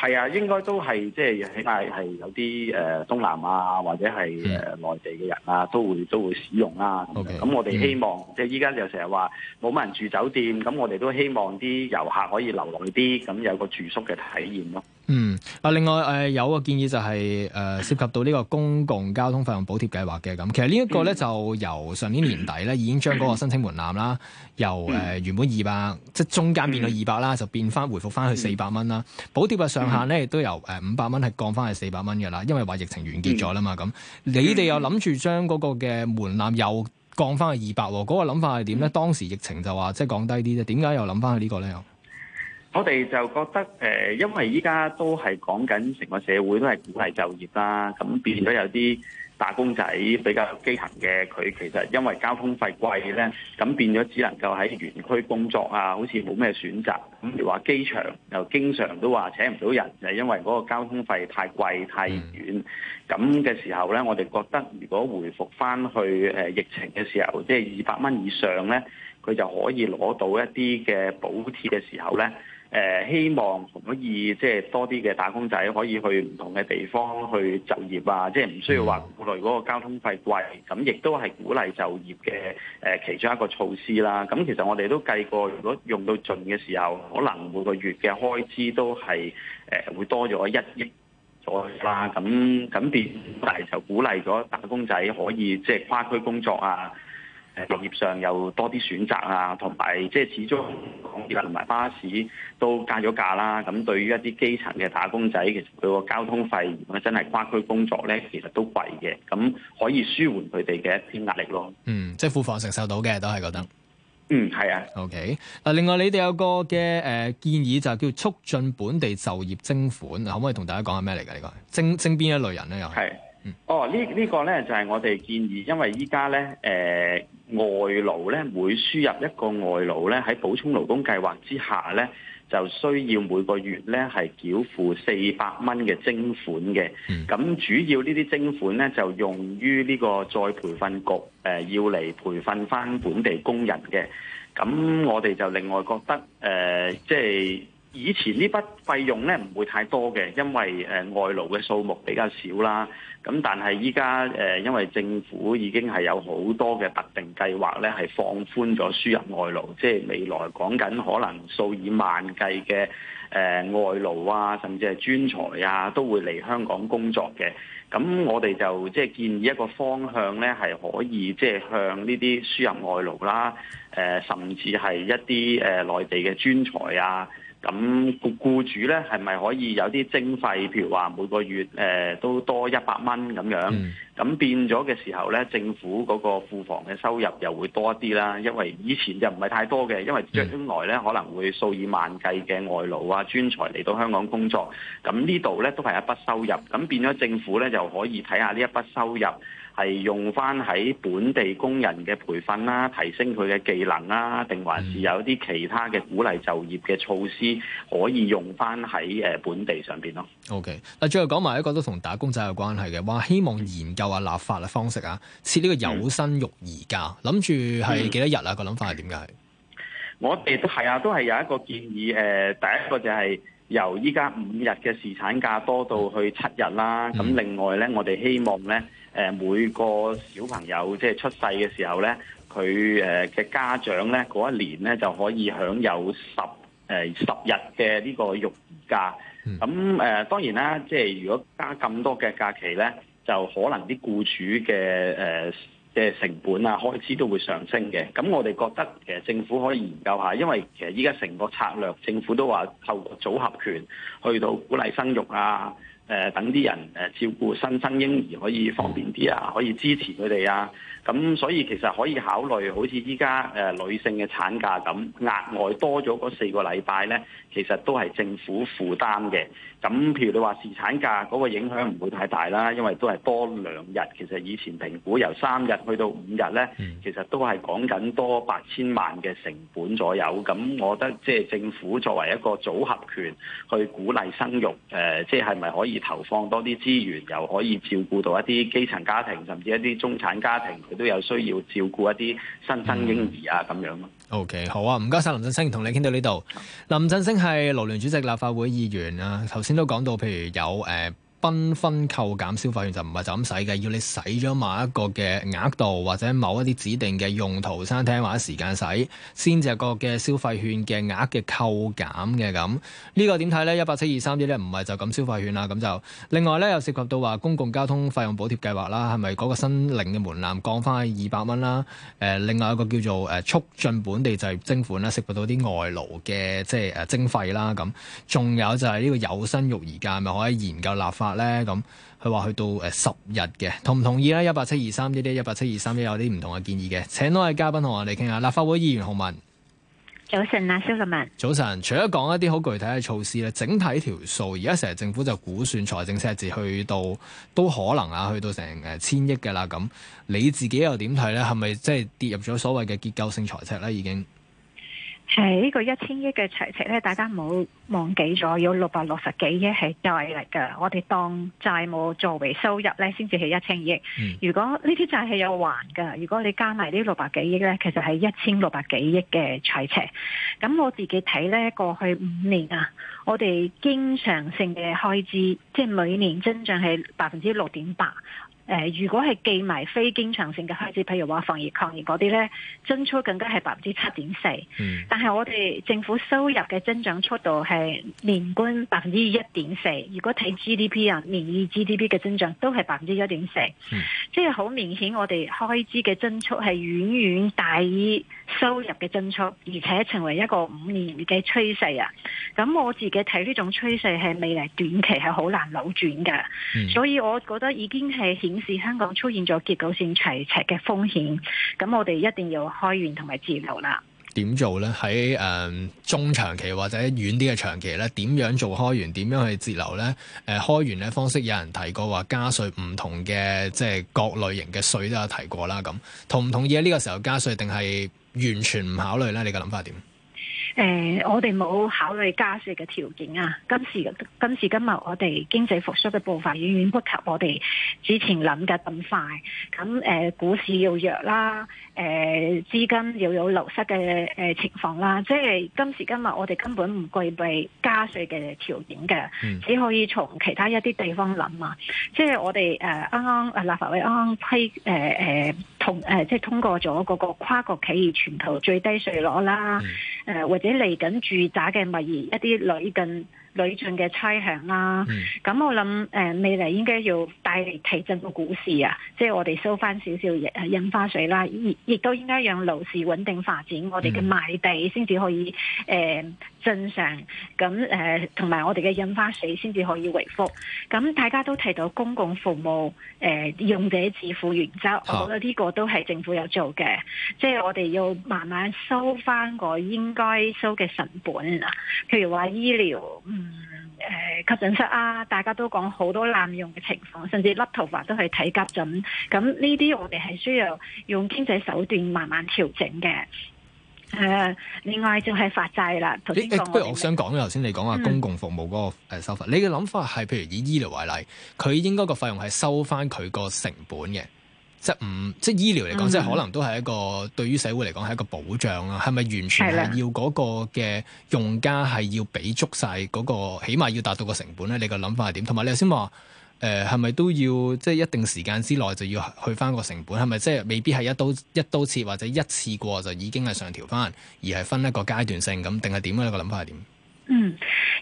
係啊，應該都係即係起碼係有啲誒東南亞、啊、或者係誒內地嘅人啊，都會都會使用啦、啊。咁 Okay, 我哋希望、嗯、即係依家就成日話冇乜人住酒店，咁我哋都希望啲遊客可以留耐啲，咁有個住宿嘅體驗咯。嗯，啊，另外誒、呃、有個建議就係、係、誒、呃、涉及到呢個公共交通費用補貼計劃嘅咁，其實呢一個咧就由上年年底咧已經將嗰個申請門檻啦，由誒、呃、原本二百、嗯、即中間變到二百啦，就變翻回復翻去四百蚊啦。補貼嘅上限咧亦、嗯、都由誒五百蚊係降翻去四百蚊嘅啦，因為話疫情完結咗啦嘛咁。嗯、你哋又諗住將嗰個嘅門檻又降翻去二百喎？嗰、嗰個諗法係點咧？嗯、當時疫情就話即係降低啲啫，點解又諗翻去呢個咧？我哋就覺得誒，因為依家都係講緊成個社會都係鼓勵就業啦，咁變咗有啲打工仔比較基層嘅，佢其實因為交通費貴咧，咁變咗只能夠喺園區工作啊，好似冇咩選擇。咁譬如話機場又經常都話請唔到人，就係、因為嗰個交通費太貴太遠。咁嘅時候咧，我哋覺得如果回復翻去疫情嘅時候，即係二百蚊以上咧，佢就可以攞到一啲嘅補貼嘅時候咧。誒希望可以即係多啲嘅打工仔可以去唔同嘅地方去就業啊！即係唔需要話顧慮嗰個交通費貴，咁亦都係鼓勵就業嘅誒其中一個措施啦。咁其實我哋都計過，如果用到盡嘅時候，可能每個月嘅開支都係誒、呃、會多咗一億左右啦。咁咁變大就鼓勵咗打工仔可以即係、就是、跨區工作啊！誒業上有多啲選擇啊，同埋即係始終港鐵同埋巴士都加咗價啦。咁對於一啲基層嘅打工仔，其實佢個交通費如果真係跨區工作咧，其實都貴嘅。咁可以舒緩佢哋嘅一啲壓力咯。嗯，即係庫房承受到嘅，都係覺得。嗯，係啊。OK。嗱，另外你哋有個嘅誒建議就係叫促進本地就業徵款，可唔可以同大家講下咩嚟㗎？呢個徵徵邊一類人咧？又係。哦，呢、呢、呢個呢就係我哋建議，因為依家呢誒外勞呢，每輸入一個外勞呢，喺補充勞工計劃之下呢，就需要每個月呢係繳付四百蚊嘅徵款嘅。咁主要呢啲徵款呢，就用於呢個再培訓局誒、呃、要嚟培訓返本地工人嘅。咁我哋就另外覺得誒即係。呃，就係以前呢筆費用咧唔會太多嘅，因為誒外勞嘅數目比較少啦。咁但係依家誒，因為政府已經係有好多嘅特定計劃咧，係放寬咗輸入外勞，即係未來講緊可能數以萬計嘅誒外勞啊，甚至係專才啊，都會嚟香港工作嘅。咁我哋就即係建議一個方向咧，係可以即係向呢啲輸入外勞啦，誒，甚至係一啲誒內地嘅專才啊。咁個僱主咧，係咪可以有啲徵費？譬如話每個月誒、呃、都多一百蚊咁樣，咁變咗嘅時候咧，政府嗰個庫房嘅收入又會多一啲啦。因為以前就唔係太多嘅，因為將來咧可能會數以萬計嘅外勞啊、專才嚟到香港工作，咁呢度咧都係一筆收入。咁變咗政府咧就可以睇下呢一筆收入。係用翻喺本地工人嘅培訓啦，提升佢嘅技能啦，定還是有啲其他嘅鼓勵就業嘅措施可以用翻喺誒本地上邊咯。OK，嗱最後講埋一個都同打工仔有關係嘅，話希望研究下立法嘅方式啊，設呢個有薪育兒假，諗住係幾多日啊？個諗法係點解？我哋都係啊，都係有一個建議誒，第一個就係由依家五日嘅侍產假多到去七日啦。咁、嗯、另外咧，我哋希望咧。誒每個小朋友即係出世嘅時候咧，佢誒嘅家長咧嗰一年咧就可以享有十十日嘅呢個育兒假。咁誒當然啦，即係如果加咁多嘅假期咧，就可能啲僱主嘅成本啊開支都會上升嘅。咁我哋覺得政府可以研究下，因為其實依家成個策略政府都話透過組合拳去到鼓勵生育啊。誒等啲人誒照顧新生嬰兒可以方便啲啊，可以支持佢哋啊，咁所以其實可以考慮好似依家誒女性嘅產假咁，額外多咗嗰四個禮拜咧。其實都係政府負擔嘅，咁譬如你話侍產假嗰個影響唔會太大啦，因為都係多兩日。其實以前評估由三日去到五日咧，其實都係講緊多八千萬嘅成本左右。咁我覺得即係政府作為一個組合拳去鼓勵生育，誒，即係咪可以投放多啲資源，又可以照顧到一啲基層家庭，甚至一啲中產家庭，佢都有需要照顧一啲新生嬰兒啊咁樣咯。O.K. 好啊，唔該晒。林振昇，同你傾到呢度。林振昇係勞聯主席、立法會議員啊，頭先都講到，譬如有誒。呃繽紛扣減消費券就唔係就咁使嘅，要你使咗某一個嘅額度或者某一啲指定嘅用途、餐廳或者時間使，先至係個嘅消費券嘅額嘅扣減嘅咁。呢、呢個點睇呢？一百七二三億咧唔係就咁消費券啦，咁就另外咧又涉及到話公共交通費用補貼計劃啦，係咪嗰個新零嘅門檻降翻二百蚊啦？另外一個叫做、呃、促進本地就業徵款啦，涉及到啲外勞嘅即係誒、啊、徵費啦咁，仲有就係呢個有薪育兒假咪可以研究立法。咧咁佢話去到誒十日嘅同唔同意咧？一八七二三呢啲一八七二三，有啲唔同嘅建議嘅，請多位嘉賓同我哋傾下。立法會議員洪雯早晨啊，早晨。除咗講一啲好具體嘅措施咧，整體條數而家成日政府就估算財政赤字去到都可能啊，去到成誒千億嘅啦。咁你自己又點睇咧？係咪即係跌入咗所謂嘅結構性財赤咧？已經。喺呢個一千億嘅財赤咧，大家唔好忘記咗有六百六十幾億係債嚟噶，我哋當債務作為收入咧，先至係一千億。嗯、如果呢啲債係有還噶，如果你加埋呢六百幾億咧，其實係一千六百幾億嘅財赤。咁我自己睇咧，過去五年啊，我哋經常性嘅開支，即係每年增長係百分之六點八。誒、呃，如果係記埋非經常性嘅開支，譬如話防疫抗疫嗰啲咧，增速更加係百分之七點四。但係我哋政府收入嘅增長速度係年均百分之一點四。如果睇 GDP 啊，年二 GDP 嘅增長都係百分之一點四。即係好明顯，我哋開支嘅增速係遠遠大於收入嘅增速，而且成為一個五年嘅趨勢啊。咁我自己睇呢種趨勢係未來短期係好難扭轉嘅。嗯、所以我覺得已經係顯是香港出現咗結構性齊尺嘅風險，咁我哋一定要開源同埋節流啦。點做呢？喺誒中長期或者遠啲嘅長期咧，點樣做開源？點樣去節流呢？誒開源嘅方式，有人提過話加稅，唔同嘅即係各類型嘅稅都有提過啦。咁同唔同意喺呢個時候加稅，定係完全唔考慮呢？你嘅諗法係點？誒、呃，我哋冇考慮加稅嘅條件啊！今時今時今日，我哋經濟復甦嘅步伐遠遠不及我哋之前諗嘅咁快。咁誒、呃，股市要弱啦。誒，資金要有流失嘅情況啦，即係今時今日我哋根本唔具備加稅嘅條件嘅，只可以從其他一啲地方諗啊！嗯、即係我哋誒啱啱立法會啱啱批誒誒、呃、同、呃、即係通過咗嗰個跨國企業全球最低稅攞啦，嗯、或者嚟緊住宅嘅物業一啲類近。累進嘅猜想啦，咁我諗誒，未來應該要帶嚟提振個股市啊，即係我哋收翻少少印花稅啦，亦都應該讓樓市穩定發展，我哋嘅賣地先至可以誒、呃、正常，咁同埋我哋嘅印花稅先至可以回復。咁大家都提到公共服務、呃、用者自負原則，我覺得呢個都係政府有做嘅，即係我哋要慢慢收翻個應該收嘅成本啊，譬如話醫療。嗯，誒，急症室啊，大家都講好多濫用嘅情況，甚至甩頭髮都係睇急症，咁呢啲我哋係需要用經濟手段慢慢調整嘅。誒、啊，另外就係發債啦，我、欸欸。不如我想講咧，頭先你講啊，公共服務嗰個誒，收法、嗯，你嘅諗法係，譬如以醫療為例，佢應該個費用係收翻佢個成本嘅。即係唔，即係醫療嚟講，即係可能都係一個、mm hmm. 對於社會嚟講係一個保障啊。係咪完全係要嗰個嘅用家係要俾足晒、那、嗰個，起碼要達到個成本咧？你個諗法係點？同埋你頭先話誒，係、呃、咪都要即係一定時間之內就要去翻個成本？係咪即係未必係一刀一刀切或者一次過就已經係上調翻，而係分一個階段性咁，定係點咧？你個諗法係點？嗯，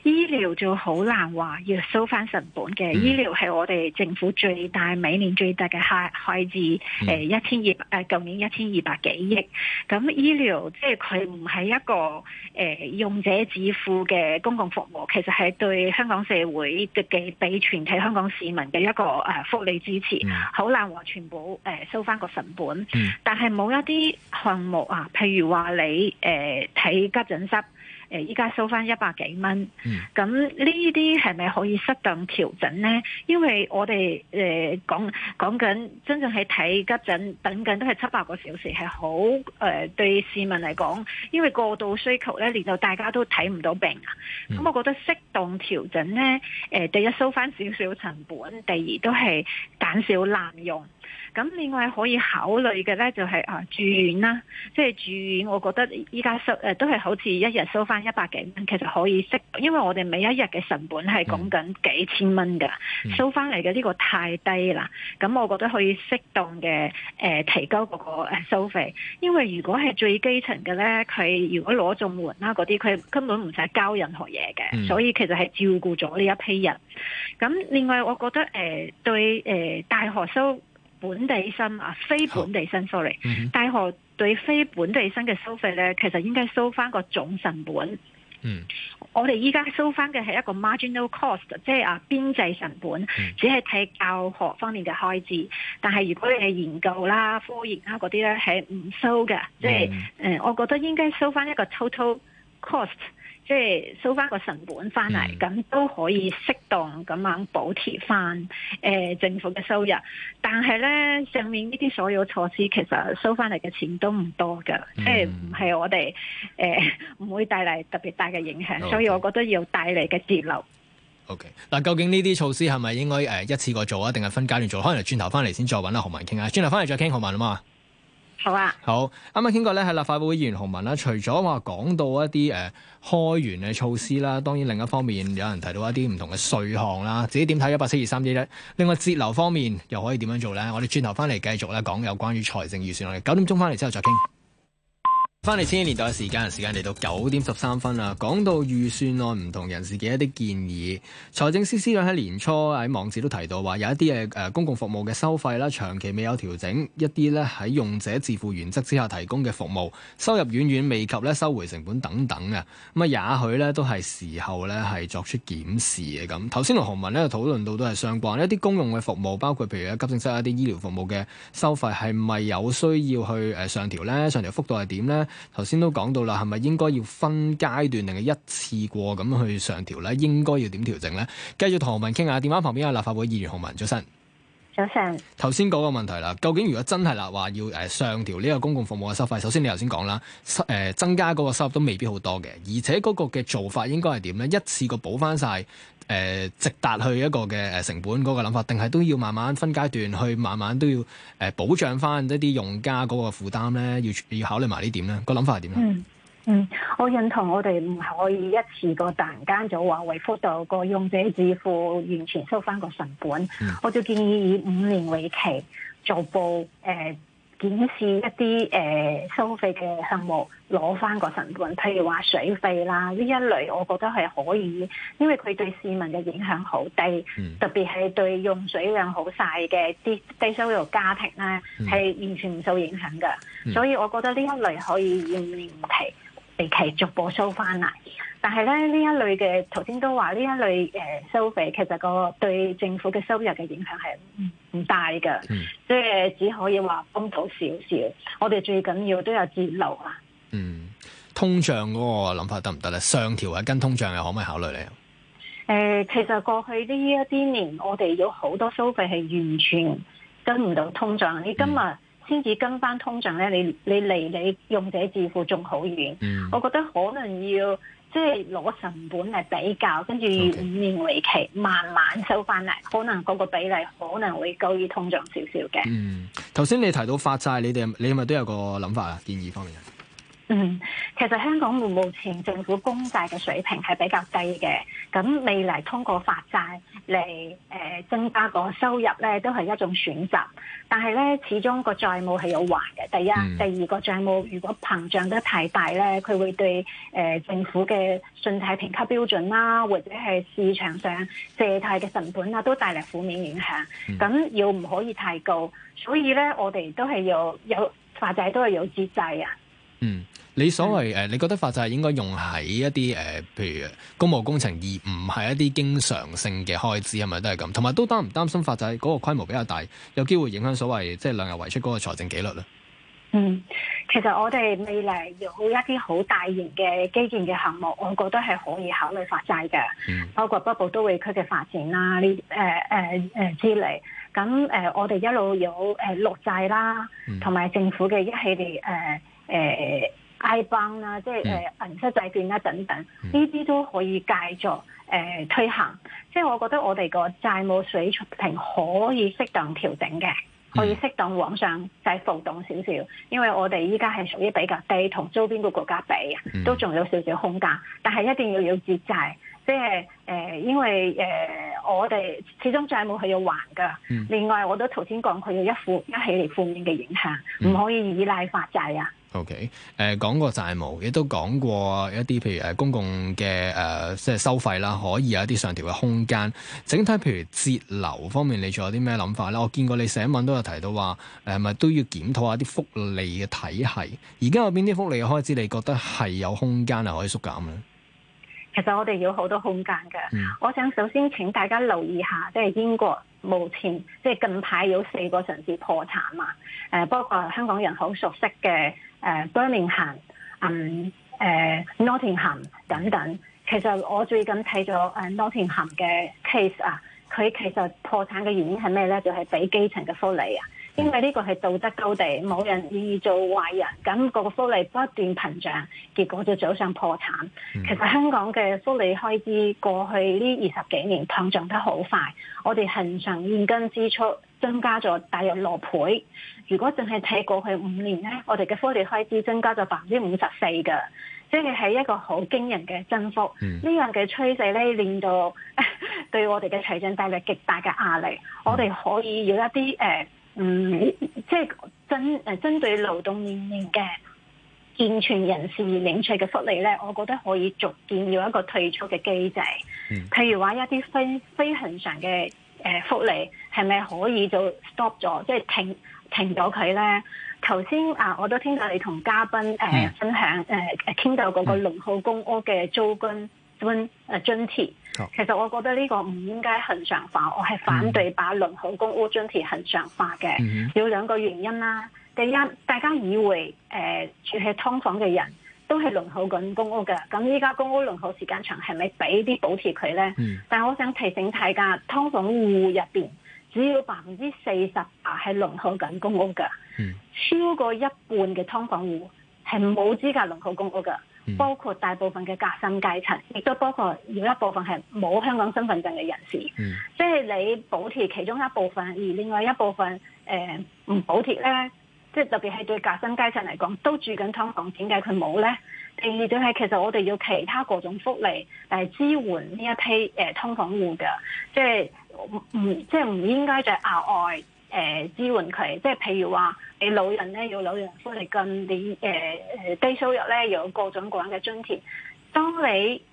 醫療就好難話要收翻成本嘅。嗯、醫療係我哋政府最大每年最大嘅開開支，誒一千二誒舊年一千二百幾億。咁醫療即係佢唔係一個誒、呃、用者自付嘅公共服務，其實係對香港社會嘅嘅，俾全體香港市民嘅一個誒福利支持，好、嗯、難話全部誒、呃、收翻個成本。嗯、但係冇一啲項目啊，譬如話你誒睇、呃、急診室。誒，依家收翻一百幾蚊，咁呢啲係咪可以適當調整咧？因為我哋誒、呃、講講緊真正係睇急診等緊都係七八個小時，係好誒對市民嚟講，因為過度需求咧，連到大家都睇唔到病、啊。咁我覺得適當調整咧，誒、呃、第一收翻少少成本，第二都係減少濫用。咁另外可以考慮嘅咧就係啊住院啦，即係住院，嗯、住院我覺得依家收、呃、都係好似一日收翻一百幾蚊，其實可以適，因為我哋每一日嘅成本係講緊幾千蚊噶，嗯、收翻嚟嘅呢個太低啦。咁我覺得可以適當嘅誒提高嗰個收費，因為如果係最基層嘅咧，佢如果攞綜援啦嗰啲，佢根本唔使交任何嘢嘅，嗯、所以其實係照顧咗呢一批人。咁另外，我覺得誒、呃、對、呃、大學收。本地生啊，非本地生好，sorry，、嗯、哼大學對非本地生嘅收費咧，其實應該收翻個總成本。嗯，我哋依家收翻嘅係一個 marginal cost，即係啊邊際成本，嗯、只係睇教學方面嘅開支。但係如果你係研究啦、科研啦嗰啲咧，係唔收嘅。即係誒，我覺得應該收翻一個 total cost。即係收翻個成本翻嚟，咁、嗯、都可以適當咁樣補貼翻誒政府嘅收入。但係咧，上面呢啲所有措施其實收翻嚟嘅錢都唔多嘅，嗯、即係唔係我哋誒唔會帶嚟特別大嘅影響。Okay. 所以我覺得要帶嚟嘅節流。O K，嗱，究竟呢啲措施係咪應該誒、呃、一次過做啊？定係分階段做？可能轉頭翻嚟先再揾阿洪雯傾啊。轉頭翻嚟再傾洪雯啊嘛。好啊！好，啱啱傾過咧，喇。立法會議員洪雯啦，除咗話講到一啲誒、呃、開源嘅措施啦，當然另一方面有人提到一啲唔同嘅稅項啦，自己點睇一百七二三一一？另外節流方面又可以點樣做咧？我哋轉頭翻嚟繼續咧講有關於財政預算案，我哋九點鐘翻嚟之後再傾。翻嚟千禧年代嘅時間，時間嚟到九點十三分啦。講到預算案唔同人士嘅一啲建議，財政司司長喺年初喺網誌都提到話，有一啲嘅誒公共服務嘅收費啦，長期未有調整，一啲咧喺用者自付原則之下提供嘅服務，收入遠遠未及咧收回成本等等嘅。咁啊，也許咧都係時候咧係作出檢視嘅咁。頭先同洪雯咧討論到都係相關，一啲公用嘅服務，包括譬如急症室一啲醫療服務嘅收費，係咪有需要去誒上調咧？上調幅度係點咧？頭先都講到啦，係咪應該要分階段定係一次過咁去上調呢？應該要點調整呢？繼續同洪雯傾下，電話旁邊嘅立法會議員洪雯，早晨。早晨上。頭先嗰個問題啦，究竟如果真係啦話要誒上調呢個公共服務嘅收費，首先你頭先講啦，誒、呃、增加嗰個收入都未必好多嘅，而且嗰個嘅做法應該係點呢？一次過補翻晒。誒、呃、直達去一個嘅誒成本嗰個諗法，定係都要慢慢分階段去，慢慢都要誒、呃、保障翻一啲用家嗰個負擔咧，要要考慮埋呢點咧。個諗法係點咧？嗯嗯，我認同我哋唔可以一次過突然間就話回復到個用者自付完全收翻個成本。我就建議以五年為期做報誒。呃檢視一啲誒、呃、收費嘅項目，攞翻個成本，譬如話水費啦呢一類，我覺得係可以，因為佢對市民嘅影響好低，嗯、特別係對用水量好細嘅啲低收入家庭咧，係完全唔受影響嘅，嗯、所以我覺得呢一類可以延期、延期逐步收翻嚟。但係咧，呢一類嘅，頭先都話呢一類誒、呃、收費，其實個對政府嘅收入嘅影響係唔大噶，即係、嗯、只可以話幫到少少。我哋最緊要都有節流啦。嗯，通脹嗰個諗法得唔得咧？上調係跟通脹又可唔可以考慮你？誒、呃，其實過去呢一啲年，我哋有好多收費係完全跟唔到通脹。你今日先至跟翻通脹咧，你你離你用者自付仲好遠。嗯、我覺得可能要。即係攞成本嚟比較，跟住五年為期，慢慢收翻嚟，可能個個比例可能會高於通脹少少嘅。嗯，頭先你提到發債，你哋你係咪都有個諗法啊？建議方面。嗯，其實香港目前政府公債嘅水平係比較低嘅，咁未來通過發債嚟誒、呃、增加個收入咧，都係一種選擇。但係咧，始終個債務係有還嘅。第一，嗯、第二個債務如果膨脹得太大咧，佢會對誒、呃、政府嘅信貸評級標準啦、啊，或者係市場上借貸嘅成本啊，都帶嚟負面影響。咁要唔可以太高，所以咧，我哋都係要有發債都係有節制啊。嗯。你所謂誒、呃，你覺得發債應該用喺一啲誒、呃，譬如公務工程，而唔係一啲經常性嘅開支，係咪都係咁？同埋都擔唔擔心發債嗰個規模比較大，有機會影響所謂即係量入為出嗰個財政紀律咧？嗯，其實我哋未來有一啲好大型嘅基建嘅項目，我覺得係可以考慮發債嘅，嗯、包括北部都會區嘅發展啦，呢誒誒誒之類。咁、呃、誒、呃，我哋一路有誒落債啦，同埋政府嘅一系列誒誒。呃呃 iBond 啦、啊，即係誒銀色債券啦等等，呢啲都可以繼續誒、呃、推行。即係我覺得我哋個債務水平可以適當調整嘅，可以適當往上再浮動少少。因為我哋依家係屬於比較低，同周邊個國家比都仲有少少空間，但係一定要有節債。即係誒、呃，因為誒、呃、我哋始終債務係要還噶。另外，我都頭先講佢有一負一起嚟負面嘅影響，唔可以依賴發債啊。OK，誒、呃、講過債務，亦都講過一啲譬如誒公共嘅誒、呃，即係收費啦，可以有一啲上調嘅空間。整體譬如節流方面，你仲有啲咩諗法咧？我見過你寫文都有提到話，誒咪都要檢討下啲福利嘅體系。而家有邊啲福利嘅開支，你覺得係有空間係可以縮減咧？其實我哋有好多空間嘅。嗯、我想首先請大家留意下，即係英國目前即係近排有四個城市破產呀。誒，包括香港人好熟悉嘅。誒、uh, Birmingham、um、嗯、uh, 誒 Nottingham 等等，其實我最近睇咗、uh, Nottingham 嘅 case 啊，佢其實破產嘅原因係咩咧？就係、是、俾基層嘅福利啊，因為呢個係道德高地，冇人願意做壞人，咁、那個福利不斷膨脹，結果就走上破產。其實香港嘅福利開支過去呢二十幾年膨脹得好快，我哋恒常現金支出，增加咗大約六倍。如果淨係睇過去五年咧，我哋嘅福利開支增加咗百分之五十四嘅，即係喺一個好驚人嘅增幅。呢、嗯、樣嘅趨勢咧，令到 對我哋嘅財政帶嚟極大嘅壓力。嗯、我哋可以要一啲、呃、嗯，即係針誒針對勞動年齡嘅健全人士而領取嘅福利咧，我覺得可以逐漸要一個退出嘅機制。嗯、譬如話一啲非非恆常嘅。誒福利係咪可以就 stop 咗，即係停停咗佢咧？頭先啊，我都聽到你同嘉賓誒分享誒誒傾到嗰個輪候公屋嘅租金津誒津貼，其實我覺得呢個唔應該恒常化，我係反對把輪候公屋津貼恆常化嘅。嗯、有兩個原因啦，第一大家以為誒、呃、住喺劏房嘅人。都係輪候緊公屋嘅，咁依家公屋輪候時間長，係咪俾啲補貼佢呢？嗯、但我想提醒大家，劏房戶入面，只要百分之四十八係輪候緊公屋嘅，嗯、超過一半嘅劏房戶係冇資格輪候公屋嘅，嗯、包括大部分嘅夾心階層，亦都包括有一部分係冇香港身份證嘅人士。即係、嗯、你補貼其中一部分，而另外一部分唔補貼呢。即係特別係對革新階層嚟講，都住緊劏房，點解佢冇咧？第二對、就、係、是、其實我哋要其他各種福利誒支援呢一批誒劏房戶嘅，即係唔即係唔應該再額外誒、呃、支援佢。即係譬如話，你老人咧要老人福利金，你誒誒低收入咧有各種各樣嘅津貼。當你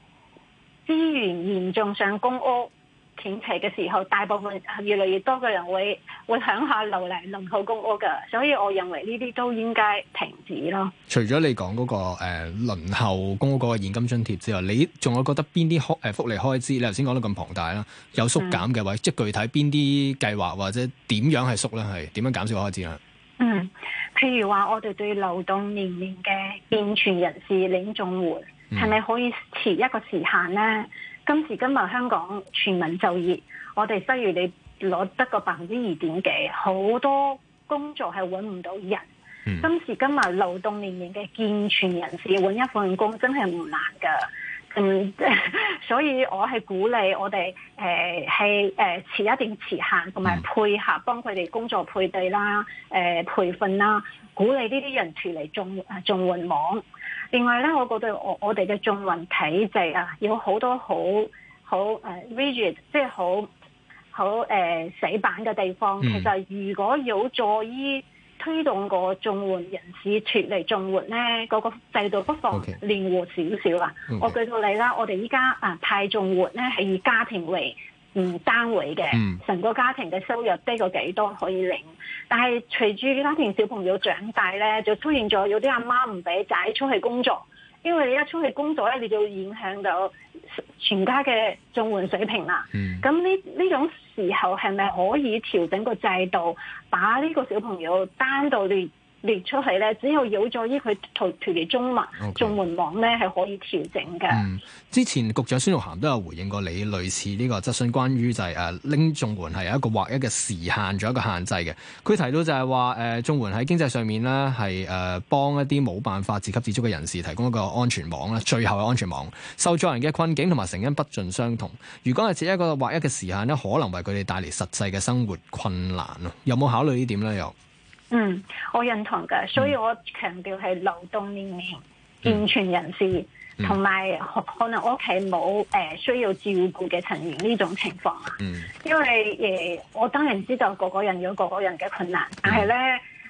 資源嚴重上公屋傾斜嘅時候，大部分越嚟越多嘅人會會向下流嚟輪候公屋嘅，所以我認為呢啲都應該停止咯。除咗你講嗰，那個誒輪、呃、候公屋嘅現金津貼之外，你仲有覺得邊啲誒福利開支？你頭先講到咁龐大啦，有縮減嘅話，嗯、即具體邊啲計劃或者點樣係縮咧？係點樣減少開支咧？嗯，譬如話我哋對勞動年齡嘅健全人士領綜援，係咪、嗯、可以遲一個時限咧？今時今日香港全民就業，我哋失業率你攞得個百分之二點幾，好多工作係揾唔到人。嗯、今時今日勞動年齡嘅健全人士揾一份工真係唔難㗎。嗯， 所以我係鼓勵我哋誒係誒持一定時限同埋配合幫佢哋工作配對啦、誒、呃、培訓啦，鼓勵呢啲人脫離綜啊綜援網。另外咧，我覺得我我哋嘅綜援體制啊，有好多好好誒 rigid，即係好好誒死板嘅地方。嗯、其實如果有助於推動個綜援人士脱離綜援咧，嗰、那個制度不妨靈活少少啦。我舉到你啦，我哋依家啊，派綜援咧係以家庭為。嗯，不單位嘅，成個家庭嘅收入低過幾多可以領？但係隨住家庭小朋友長大咧，就出現咗有啲阿媽唔俾仔出去工作，因為你一出去工作咧，你就會影響到全家嘅綜援水平啦。嗯，咁呢呢種時候係咪可以調整個制度，把呢個小朋友單到你？列出去咧，只有有助於佢逃脫其中門 Okay. 綜援網咧，係可以調整嘅、嗯。之前局長孫玉菡都有回應過你類似呢個質詢、就是關於就係誒拎綜援係一個劃一嘅時限，做一個限制嘅。佢提到就係話誒綜援喺經濟上面呢，係誒幫一啲冇辦法自給自足嘅人士提供一個安全網啦，最後嘅安全網，受助人嘅困境同埋成因不盡相同，如果係設一個劃一嘅時限呢，可能為佢哋帶嚟實際嘅生活困難咯。有冇考慮呢點咧？又？嗯，我認同嘅，所以我強調係勞動年齡健全人士，同埋可能我屋企冇誒需要照顧嘅成員呢種情況啊。因為誒、呃，我當然知道個個人有個個人嘅困難，但係咧、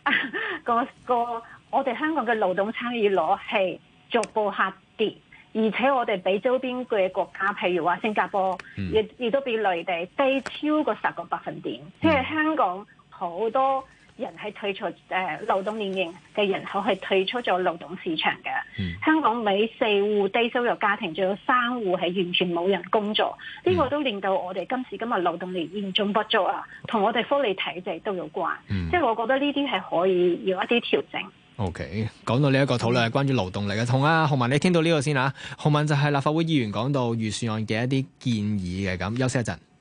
嗯、 個，個我哋香港嘅勞動參與率係逐步下跌，而且我哋比周邊嘅國家，譬如話新加坡，亦、亦、嗯、都比內地低超過十個百分點，即係、嗯、香港好多。人係退出誒、呃、勞動年齡嘅人口係退出咗勞動市場嘅。嗯、香港每四戶低收入家庭，仲有三戶係完全冇人工作。呢、嗯、個都令到我哋今時今日勞動力嚴重不足啊，同我哋福利體制都有關。即係、嗯、我覺得呢啲係可以要一啲調整。OK，講到呢一個討論係關於勞動力嘅，同啊洪雯你聽到呢個先嚇。洪雯就係立法會議員講到預算案嘅一啲建議嘅，咁，休息一陣。